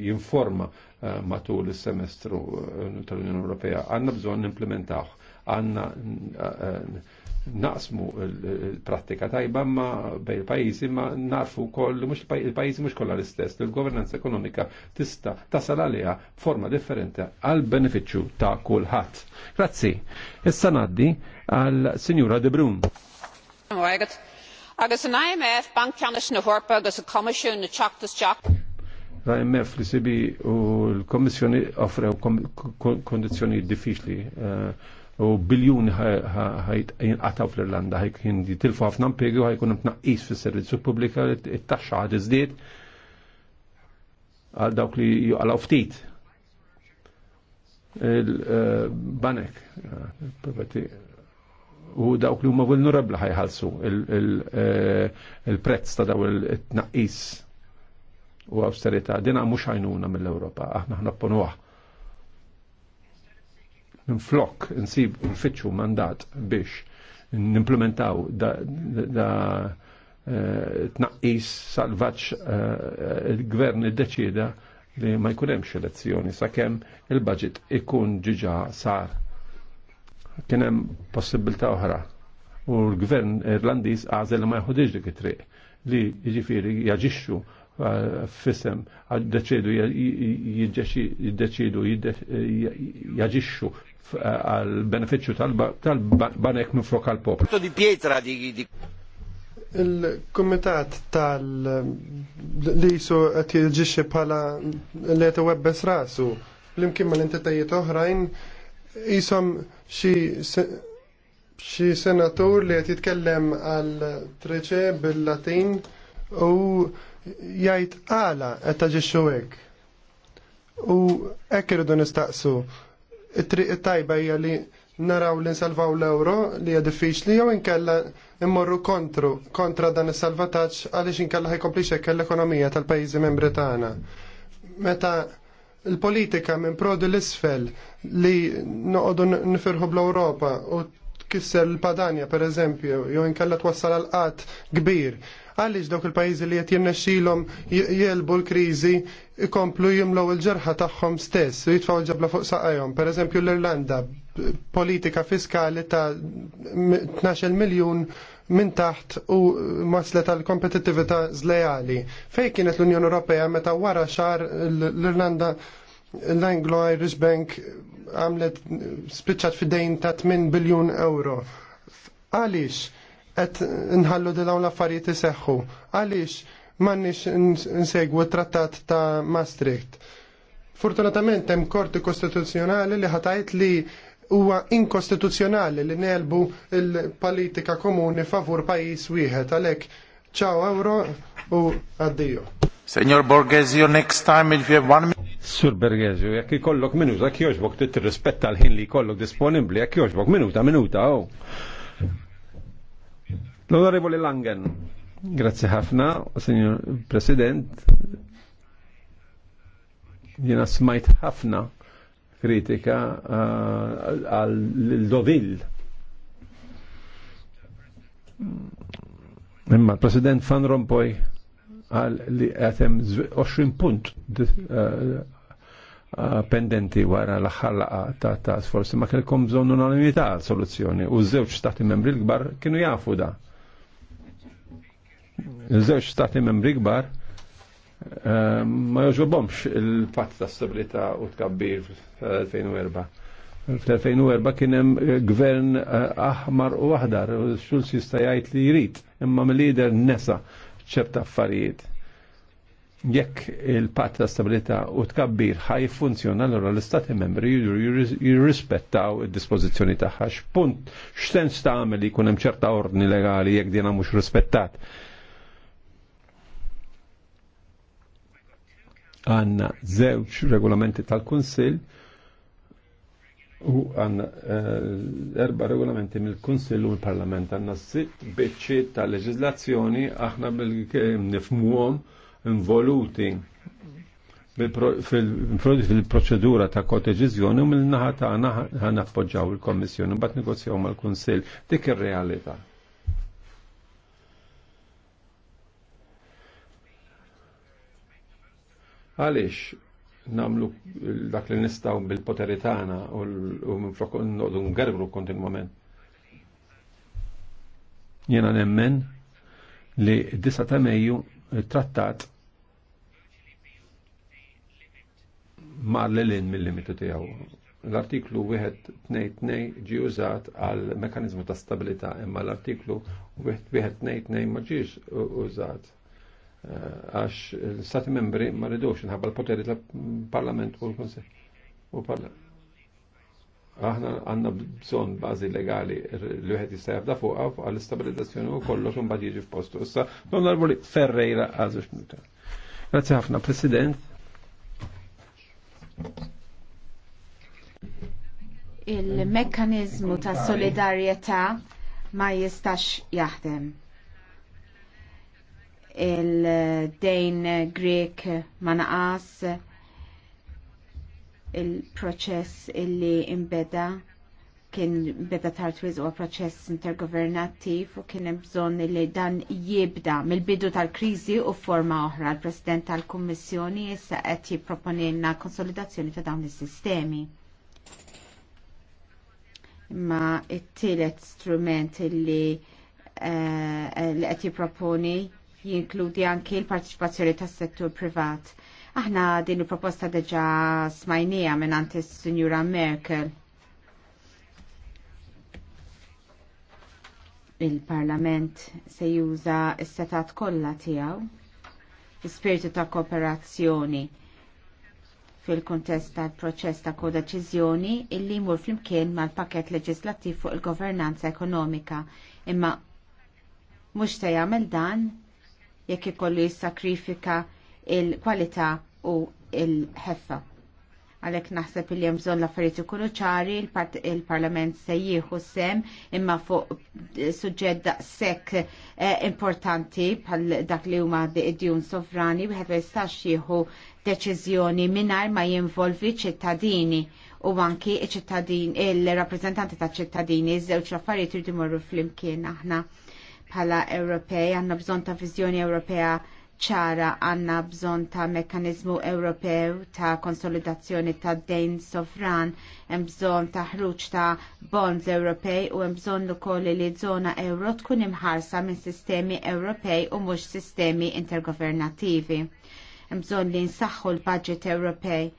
jinforma eh, matul is-semestru eh, tal-Unjoni Ewropea. Għandna bżonn nimplementawh, għandna naqsmu l prattika tajba ma bej il-pajjiżi ma narfu wkoll mhux il-pajjiżi mhux kollha l-istess l-governanza ekonomika tista' tasal għalija forma differenti għal beneficju ta' kulħadd. Grazzi. Issa naddi għal Sinjura De Brun. Agus an IMF Bank Ceannis na Horpa agus a Comisiún na Teachtas Jack l-IMF li sibi u l-Komissjoni offrew kondizjoni diffiċli eh, u biljuni għataw fl-Irlanda ħajkun jitilfu ħafna impiegi u ħajkun tnaqqis fil servizzu publika il taxxa għad izdiet għal dawk li juqalaw ftit. Il-banek, u dawk li huma vulnerabli ħajħalsu eh, il-prezz ta' daw il-tnaqqis u austerità. Dina mux ħajnuna mill-Ewropa, aħna ħnapponuha minflok nsib nfittxu mandat biex nimplementaw da, da tnaqqis salvaċ il-gvern id-deċida li ma jkunemx elezzjoni sakemm il-budget ikun ġiġa sar. hemm possibilta oħra u l-gvern irlandiż għażel ma jħodix dik it-triq li jiġifieri jaġixxu fissem għad deċidu jiddeċidu jaġixxu għal beneficju tal-banek mifrok għal poplu. Di pietra di Il-komitat tal lisu qed jiġixxi bħala li qed iwebbes rasu flimkien mal-entitajiet oħrajn isom xi xi senatur li qed jitkellem għal treċe bil-Latin u jgħid għala qed taġixxu hekk. U hekk irridu nistaqsu it-triq tajba hija li naraw li nsalvaw l-euro li hija diffiċli jew inkella immorru kontru kontra dan is-salvataġġ għaliex inkella ħajkompli xekk l-ekonomija tal-pajjiżi membri tagħna. Meta l-politika minn produ l-isfel li noqogħdu nifirħu bl-Ewropa u tkisser l-Padania per eżempju, jew inkella twassal għal qatt kbir. Għaliex dawk il-pajjiżi li qed jirnexxilhom jelbu l-kriżi ikomplu jimlow il-ġerħa tagħhom stess u jitfgħu l-ġabla fuq saqajhom. Per eżempju l-Irlanda politika fiskali ta' 12 miljun minn taħt u masla tal-kompetittività zlejali. Fej kienet l-Unjoni Ewropea meta wara xar l-Irlanda l-Anglo-Irish Bank għamlet spiċċat fidejn ta' 8 biljun euro. Għaliex qed nħallu dawn l-affarijiet iseħħu? Għaliex m'għandniex nsegwu trattat ta' Maastricht? Fortunatament hemm korti kostituzzjonali li ħatajt li huwa inkostituzzjonali li nelbu l-politika komuni favur pajjiż wieħed għalhekk ciao euro u addio. Senjor Borghese, next time if you have one minute. Sur Bergezu, jekk ikollok minuta, jekk joġbok titrispetta l-ħin li jkollok disponibbli, jekk joġbok minuta, minuta, oh. L-Onorevoli Langen, grazzi ħafna, Signor President, jena smajt ħafna kritika eh, għal-dovil. Imma l President Van Rompuy għal li għatem 20 punt eh, Eh, pendenti wara l-ħallaqa ta' task force ma kellkom bżonn unanimità soluzzjoni u ż-żewġ stati membri l-kbar kienu jafu da. żewġ stati membri kbar eh, ma joġobomx il-patt ta' stabilità u tkabbir fl-2004. Fl-2004 kien hemm eh, gvern aħmar u aħdar, xulsi jista' jgħid li jrid, imma mill-lider nesa ċerta affarijiet jekk il pat ta' stabilita u tkabbir ħaj funzjona allora l-istati membri jirrispettaw id-dispożizzjoni tagħha. X'punt x'sens ta' li jkun hemm ċerta ordni legali jekk dina mhux rispettat. Għanna żewġ regolamenti tal-Kunsill u għanna eh, erba regolamenti mill-Kunsill u mill-Parlament għanna sitt biċċiet tal-leġizlazzjoni aħna bil-nifmuhom involuti fil-proċedura ta' kodeċizjoni u mill-naħa ta' ħana appoġġaw il-Kommissjoni, bat negozjaw mal-Konsil, dik ir-realita. Għalix, namlu dak li nistaw bil-poteri tagħna u nqogħdu ngerbru kontinwament. Jiena nemmen li d-disa ta' Mejju trattat mar l-lin mill-limitu tijaw. L-artiklu 1.2.2 ġi użat għal mekanizmu ta' stabilita, imma l-artiklu 1.2.2 ma ġiġ użat eh, għax l-stati membri ma nħabba l-poteri tal-parlament u l Aħna għanna bżon bazi legali li wieħed jistajab da fuqha għal istabilizzazzjoni u kollox imbagħad f-postu. Issa, Don ferrejra għażux minuta. Grazie ħafna, President. Il-mekkanizmu ta' solidarjetà ma jistax jaħdem. Il-dejn Grek ma naqas il-proċess illi imbeda kien beda tartwiz u proċess intergovernattiv u kien bżon li dan jibda mill-bidu tal-krizi u forma oħra. L-President tal-Kommissjoni issa qed jipproponilna konsolidazzjoni ta' dawn is-sistemi. Ma it-tielet strument li eh, li qed jipproponi jinkludi anki l-partiċipazzjoni tas-settur privat. Aħna din il-proposta deġa smajnija minn antis Sinjura Merkel Il-Parlament se juża s-setat kollha tiegħu, l-ispirtu ta' kooperazzjoni fil-kontest tal-proċess ta' kodeċiżjoni illi jmur flimkien mal-pakett leġislattiv fuq il-governanza ekonomika imma mhux se jagħmel dan jekk ikollu jissakrifika il-kwalità u il-ħeffa għalek naħseb li hemm bżonn l-affarijiet ikunu ċari, il-Parlament se jieħu sem imma fuq suġġett daqshekk eh, importanti bħal dak li huma djun sovrani wieħed ma jistax jieħu deċiżjoni mingħajr ma jinvolvi ċittadini u anki ċittadini il-rappreżentanti ta' ċittadini iż-żewġ affarijiet irdu morru flimkien aħna bħala Ewropej għandna bżonn ta' viżjoni Ewropea ċara għanna bżon ta' mekanizmu Ewropew ta' konsolidazzjoni ta' dejn sovran, hemm bżon ta' ħruġ ta' bonds Ewropej u hemm bżon ukoll li żona euro tkun imħarsa minn sistemi Ewropej u mhux sistemi intergovernattivi. Hemm bżon li nsaħħu l-budget Ewropej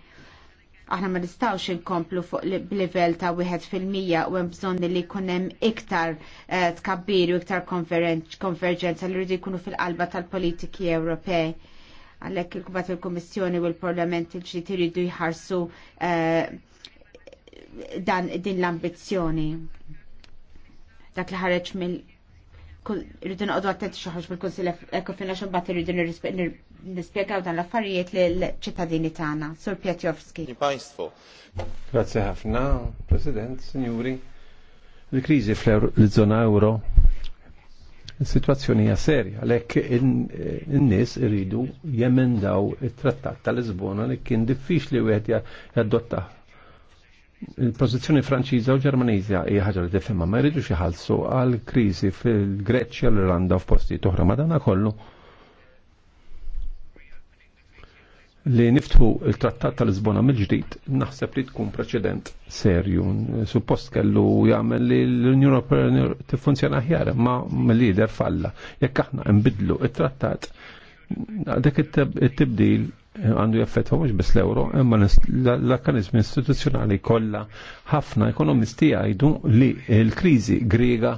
Aħna ma nistawx inkomplu fuq livell ta' wieħed fil-mija u hemm bżonn li jkun hemm iktar eh, tkabbir u iktar konverġenza li rridu jkunu fil-qalba tal-politiki Ewropej. Għalhekk il-Kubat il-Kummissjoni u l-Parlament il-ġdid iridu jħarsu eh, dan din l-ambizzjoni. Dak li ħareġ mill rridu nqodu attenti xi ħaġa mill-Kunsill Ekofin għax imbagħad irridu nispjegaw dan l-affarijiet lill-ċittadini tagħna. Sur Pjatjowski. Grazie ħafna, President, Sinjuri. Il-kriżi fl-żona euro Is-sitwazzjoni hija serja, għalhekk eh, in-nies iridu jemendaw it-Trattat tal-Lisbona li kien diffiċli wieħed jaddotta. Il-pożizzjoni Franċiża u Ġermaniża hija ħaġa li tifhimha ma jridux jħallsu għal kriżi fil-Greċja l-Irlanda u f'postijiet oħra ma dana kollu li niftħu il-trattat tal-Lisbona mill-ġdid naħseb li tkun preċedent serju. Suppost kellu jagħmel li l-Unjoni Ewropea tiffunzjona aħjar, ma mill-lider falla. Jekk aħna nbidlu it-trattat, dak it-tibdil għandu jaffetta mhux biss l-euro, imma l-akkanizmi istituzzjonali kollha ħafna ekonomisti jgħidu li l-kriżi Griega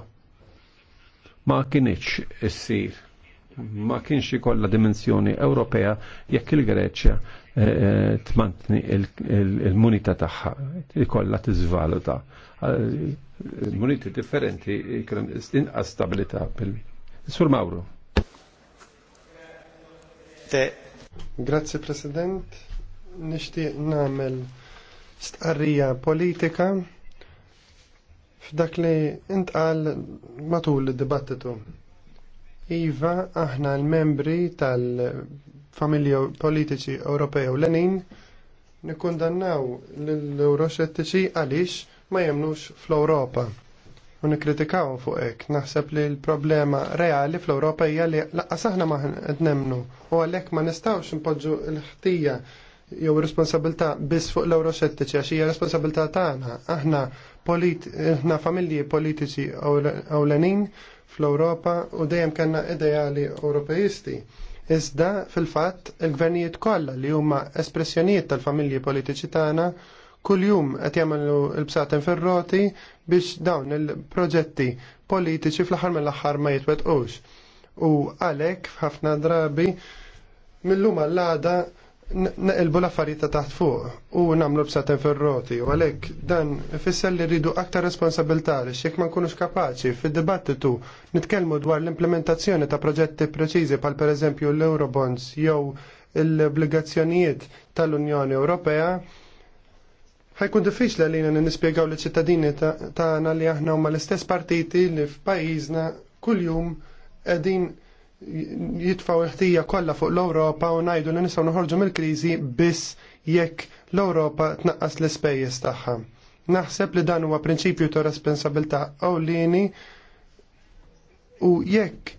ma kienieċ issir ma kienx ikolla dimensjoni Ewropea jekk il-Greċja eh, eh, tmantni il-munita tagħha, ikolla tiżvaluta. Eh, Muniti differenti kellhom inqas stabilità bil Sur Mauro. Grazie President, nixtieq nagħmel stqarrija politika f'dak li intqal matul id-dibattitu Iva, aħna l-membri tal-familja politiċi Ewropew Lenin nikkundannaw l-Euroxettiċi għaliex ma jemnux fl-Ewropa u nikkritikaw fuq hekk. Naħseb li l-problema reali fl-Ewropa hija li laqas aħna ma qed nemnu u għalhekk ma nistgħux impoġġu l-ħtija jew responsabilità biss fuq l-Euroxettiċi għax hija responsabilità tagħna. Aħna polit, aħna familji politiċi ewlenin fl-Ewropa u dejjem kellna ideali Ewropejisti. Iżda fil-fatt il-gvernijiet kollha li huma espressjonijiet tal-familji politiċi tagħna kuljum qed jagħmlu l-bsaten fir-roti biex dawn il-proġetti politiċi fl-aħħar mill-aħħar ma jitwetqux. U għalhekk ħafna drabi millum għall-għada naqilbu l-affarijiet ta' taħt fuq u nagħmlu b'saten fir-roti u għalhekk dan ifisser li rridu aktar responsabilità li jekk ma nkunux kapaċi fid-dibattitu nitkellmu dwar l-implementazzjoni ta' proġetti preċiżi bħal pereżempju l-Eurobonds jew l-obbligazzjonijiet tal-Unjoni Ewropea ħajkun diffiċli li nispjegaw li ċittadini tagħna li aħna huma l-istess partiti li f'pajjiżna kuljum qegħdin jitfaw iħtija kollha fuq l-Ewropa u ngħidu li nistgħu noħorġu mill-kriżi biss jekk l-Ewropa tnaqqas l-ispejjeż tagħha. Naħseb li dan huwa prinċipju ta' responsabilità ewlieni u jekk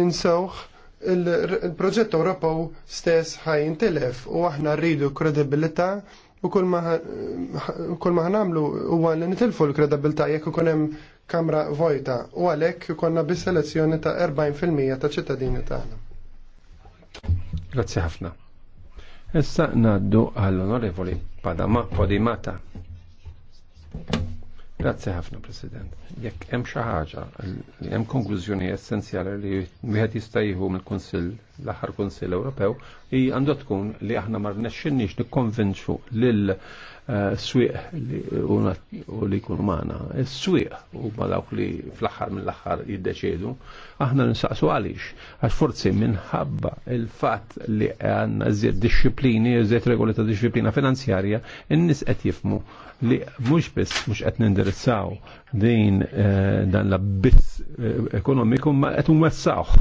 ninsewħ il-proġett Ewropew stess ħajintilef u aħna rridu kredibilità u kull ma ħanamlu huwa li nitilfu l-kredibilità jekk ikun hemm kamra vojta u għalhekk ikonna bi selezzjoni ta' 40% ta' ċittadini tagħna. Grazzi ħafna. Issa naddu għall-Onorevoli Padama Podimata. Grazie ħafna, President. Jekk hemm xi ħaġa li hemm konklużjoni essenzjali li wieħed jista' jieħu mill-Kunsill l-aħħar Kunsill Ewropew hi għandha tkun li aħna ma rnexxinniex nikkonvinċu lil swieq u li kun maħna. s swieq huma dawk li fl-aħħar mill-aħħar jiddeċedu, aħna nsaqsu għaliex, għax forsi minħabba il-fatt li għandna żied disċiplini, żied regoli ta' disċiplina finanzjarja, in-nies qed jifmu li mhux biss mhux qed nindirizzaw din eh, dan la bis eh, ekonomiku ma qed nwessawh.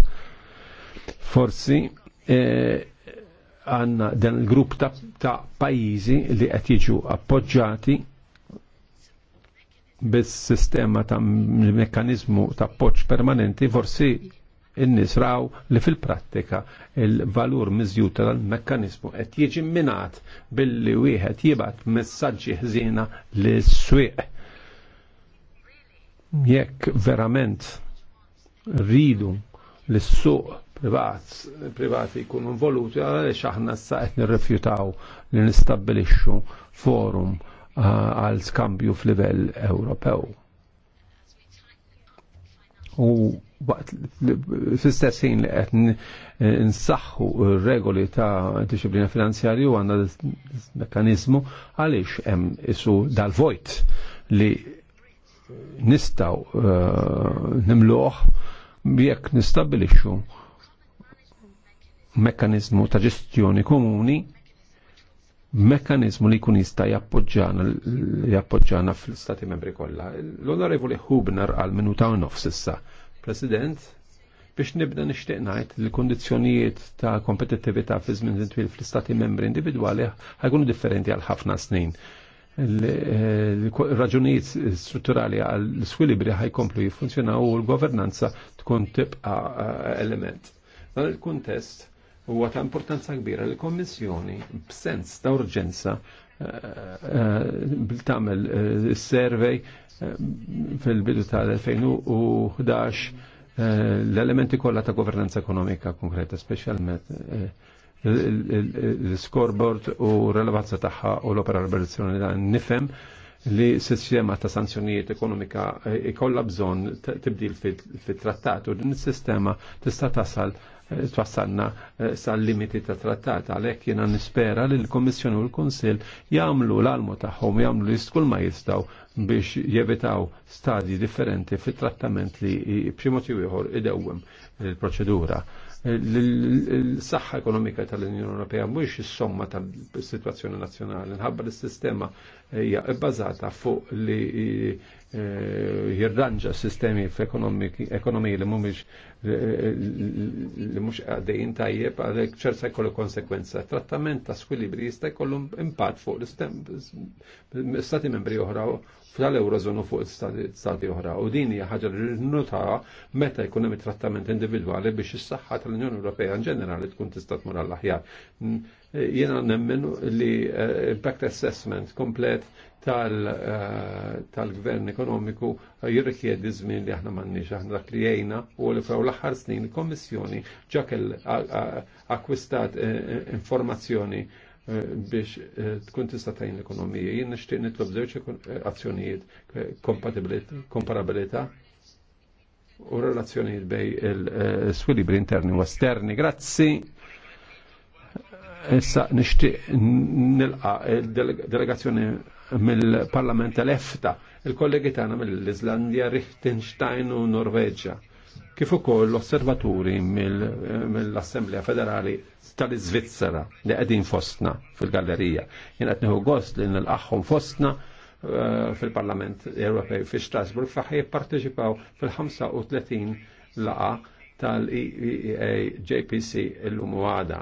Forsi eh, għanna dan il-grupp ta', ta pajizi li qed jiġu appoġġati bis-sistema ta' mekkanizmu ta' appoġġ permanenti forsi innisraw li fil-prattika il-valur miżjuta tal-mekkanizmu qed jiġi minat billi wieħed jibgħat messaġġi ħżiena lis-swieq. Jekk verament rridu l-suq Privat, privati jkunu involuti għaliex aħna issa qed nirrifjutaw li nistabbilixxu forum eh, għal skambju f'livell Ewropew. U fl-istess ħin li qed nsaħħu r regoli ta' disciplina finanzjarju għandna meccanizmu għaliex hemm isu dal-vojt li nistgħu nimluh eh, nimluħ jekk nistabilixxu mekkanizmu ta' ġestjoni komuni mekkanizmu li kun jista' jappoġġana fl-Stati membri kollha. L-Onorevoli Hubner għal minuta u nofs issa. President, biex nibda nixtieq ngħid li kundizzjonijiet ta' kompetittività fi żmien twil fl-Stati membri individwali ħajkunu differenti għal ħafna snin. Eh, raġunijiet strutturali għal l-squilibri ħajkomplu jiffunzjonaw u l-governanza tkun tibqa eh, element. Dan il-kuntest huwa ta' importanza kbira li kommissjoni b'sens ta' urġenza eh, eh, eh, tagħmel survey fil-bidu tal-2011 l-elementi kollha ta' governanza ekonomika konkreta, speċjalment l-scoreboard u relevanza tagħha u l-operazzjoni ta' nifhem li sistema ta' sanzjonijiet ekonomika ikolla bżon tibdil fit-trattat u din is-sistema tista' tasal twassalna eh, sal-limiti ta' trattat għalhekk jiena nispera li l-Kommissjoni u l-Kunsill jagħmlu l-almu tagħhom jagħmlu l-iskull ma jistgħu biex jevitaw stadji differenti fit-trattament li b'ximot ieħor idewwem il-proċedura. L-saħħa ekonomika tal-Unjoni Ewropea mhux is-somma tal-sitwazzjoni nazzjonali, nħabba l-sistema hija bbażata fuq li Eh, jirranġa sistemi f-ekonomiji li mhumiex eh, eh, li mhux għaddejn tajjeb għalhekk ċerta jkollu konsekwenza. Trattament ta' squilibri jista' jkollu impatt fuq l-istati membri oħra fl-Eurozonu fuq stati oħra. U din hija ħaġa li nutaha meta jkun hemm trattament individwali biex is-saħħa tal-Unjoni Ewropea in ġenerali tkun tista' tmur għall aħjar Jiena nemmen li impact assessment komplet Eh, tal-gvern ekonomiku eh, jirrikjedi żmien li aħna m'għandniex aħna dak li jgħinna u li fraw l-aħħar snin il-Kommissjoni ġakel akkwistat eh, informazzjoni biex tkun tista' tgħin l-ekonomija. Jien nixtieq nitlob żewġ azzjonijiet komparabilità u relazzjonijiet bej il-swilibri interni u esterni. Grazzi. Issa nixtieq nilqa' delegazzjoni mill-Parlament tal-EFTA, il-kollegi tagħna mill-Iżlandja, Liechtenstein u Norveġġa kif ukoll l-osservaturi mill-Assemblea Federali tal-Iżvizzera li qegħdin fostna fil-gallerija. Jien qed nieħu gost li nilqaħħom fostna eh, fil-Parlament Ewropej fi Strasburg faħ jipparteċipaw fil-35 laqa tal-EEA JPC l-lum għada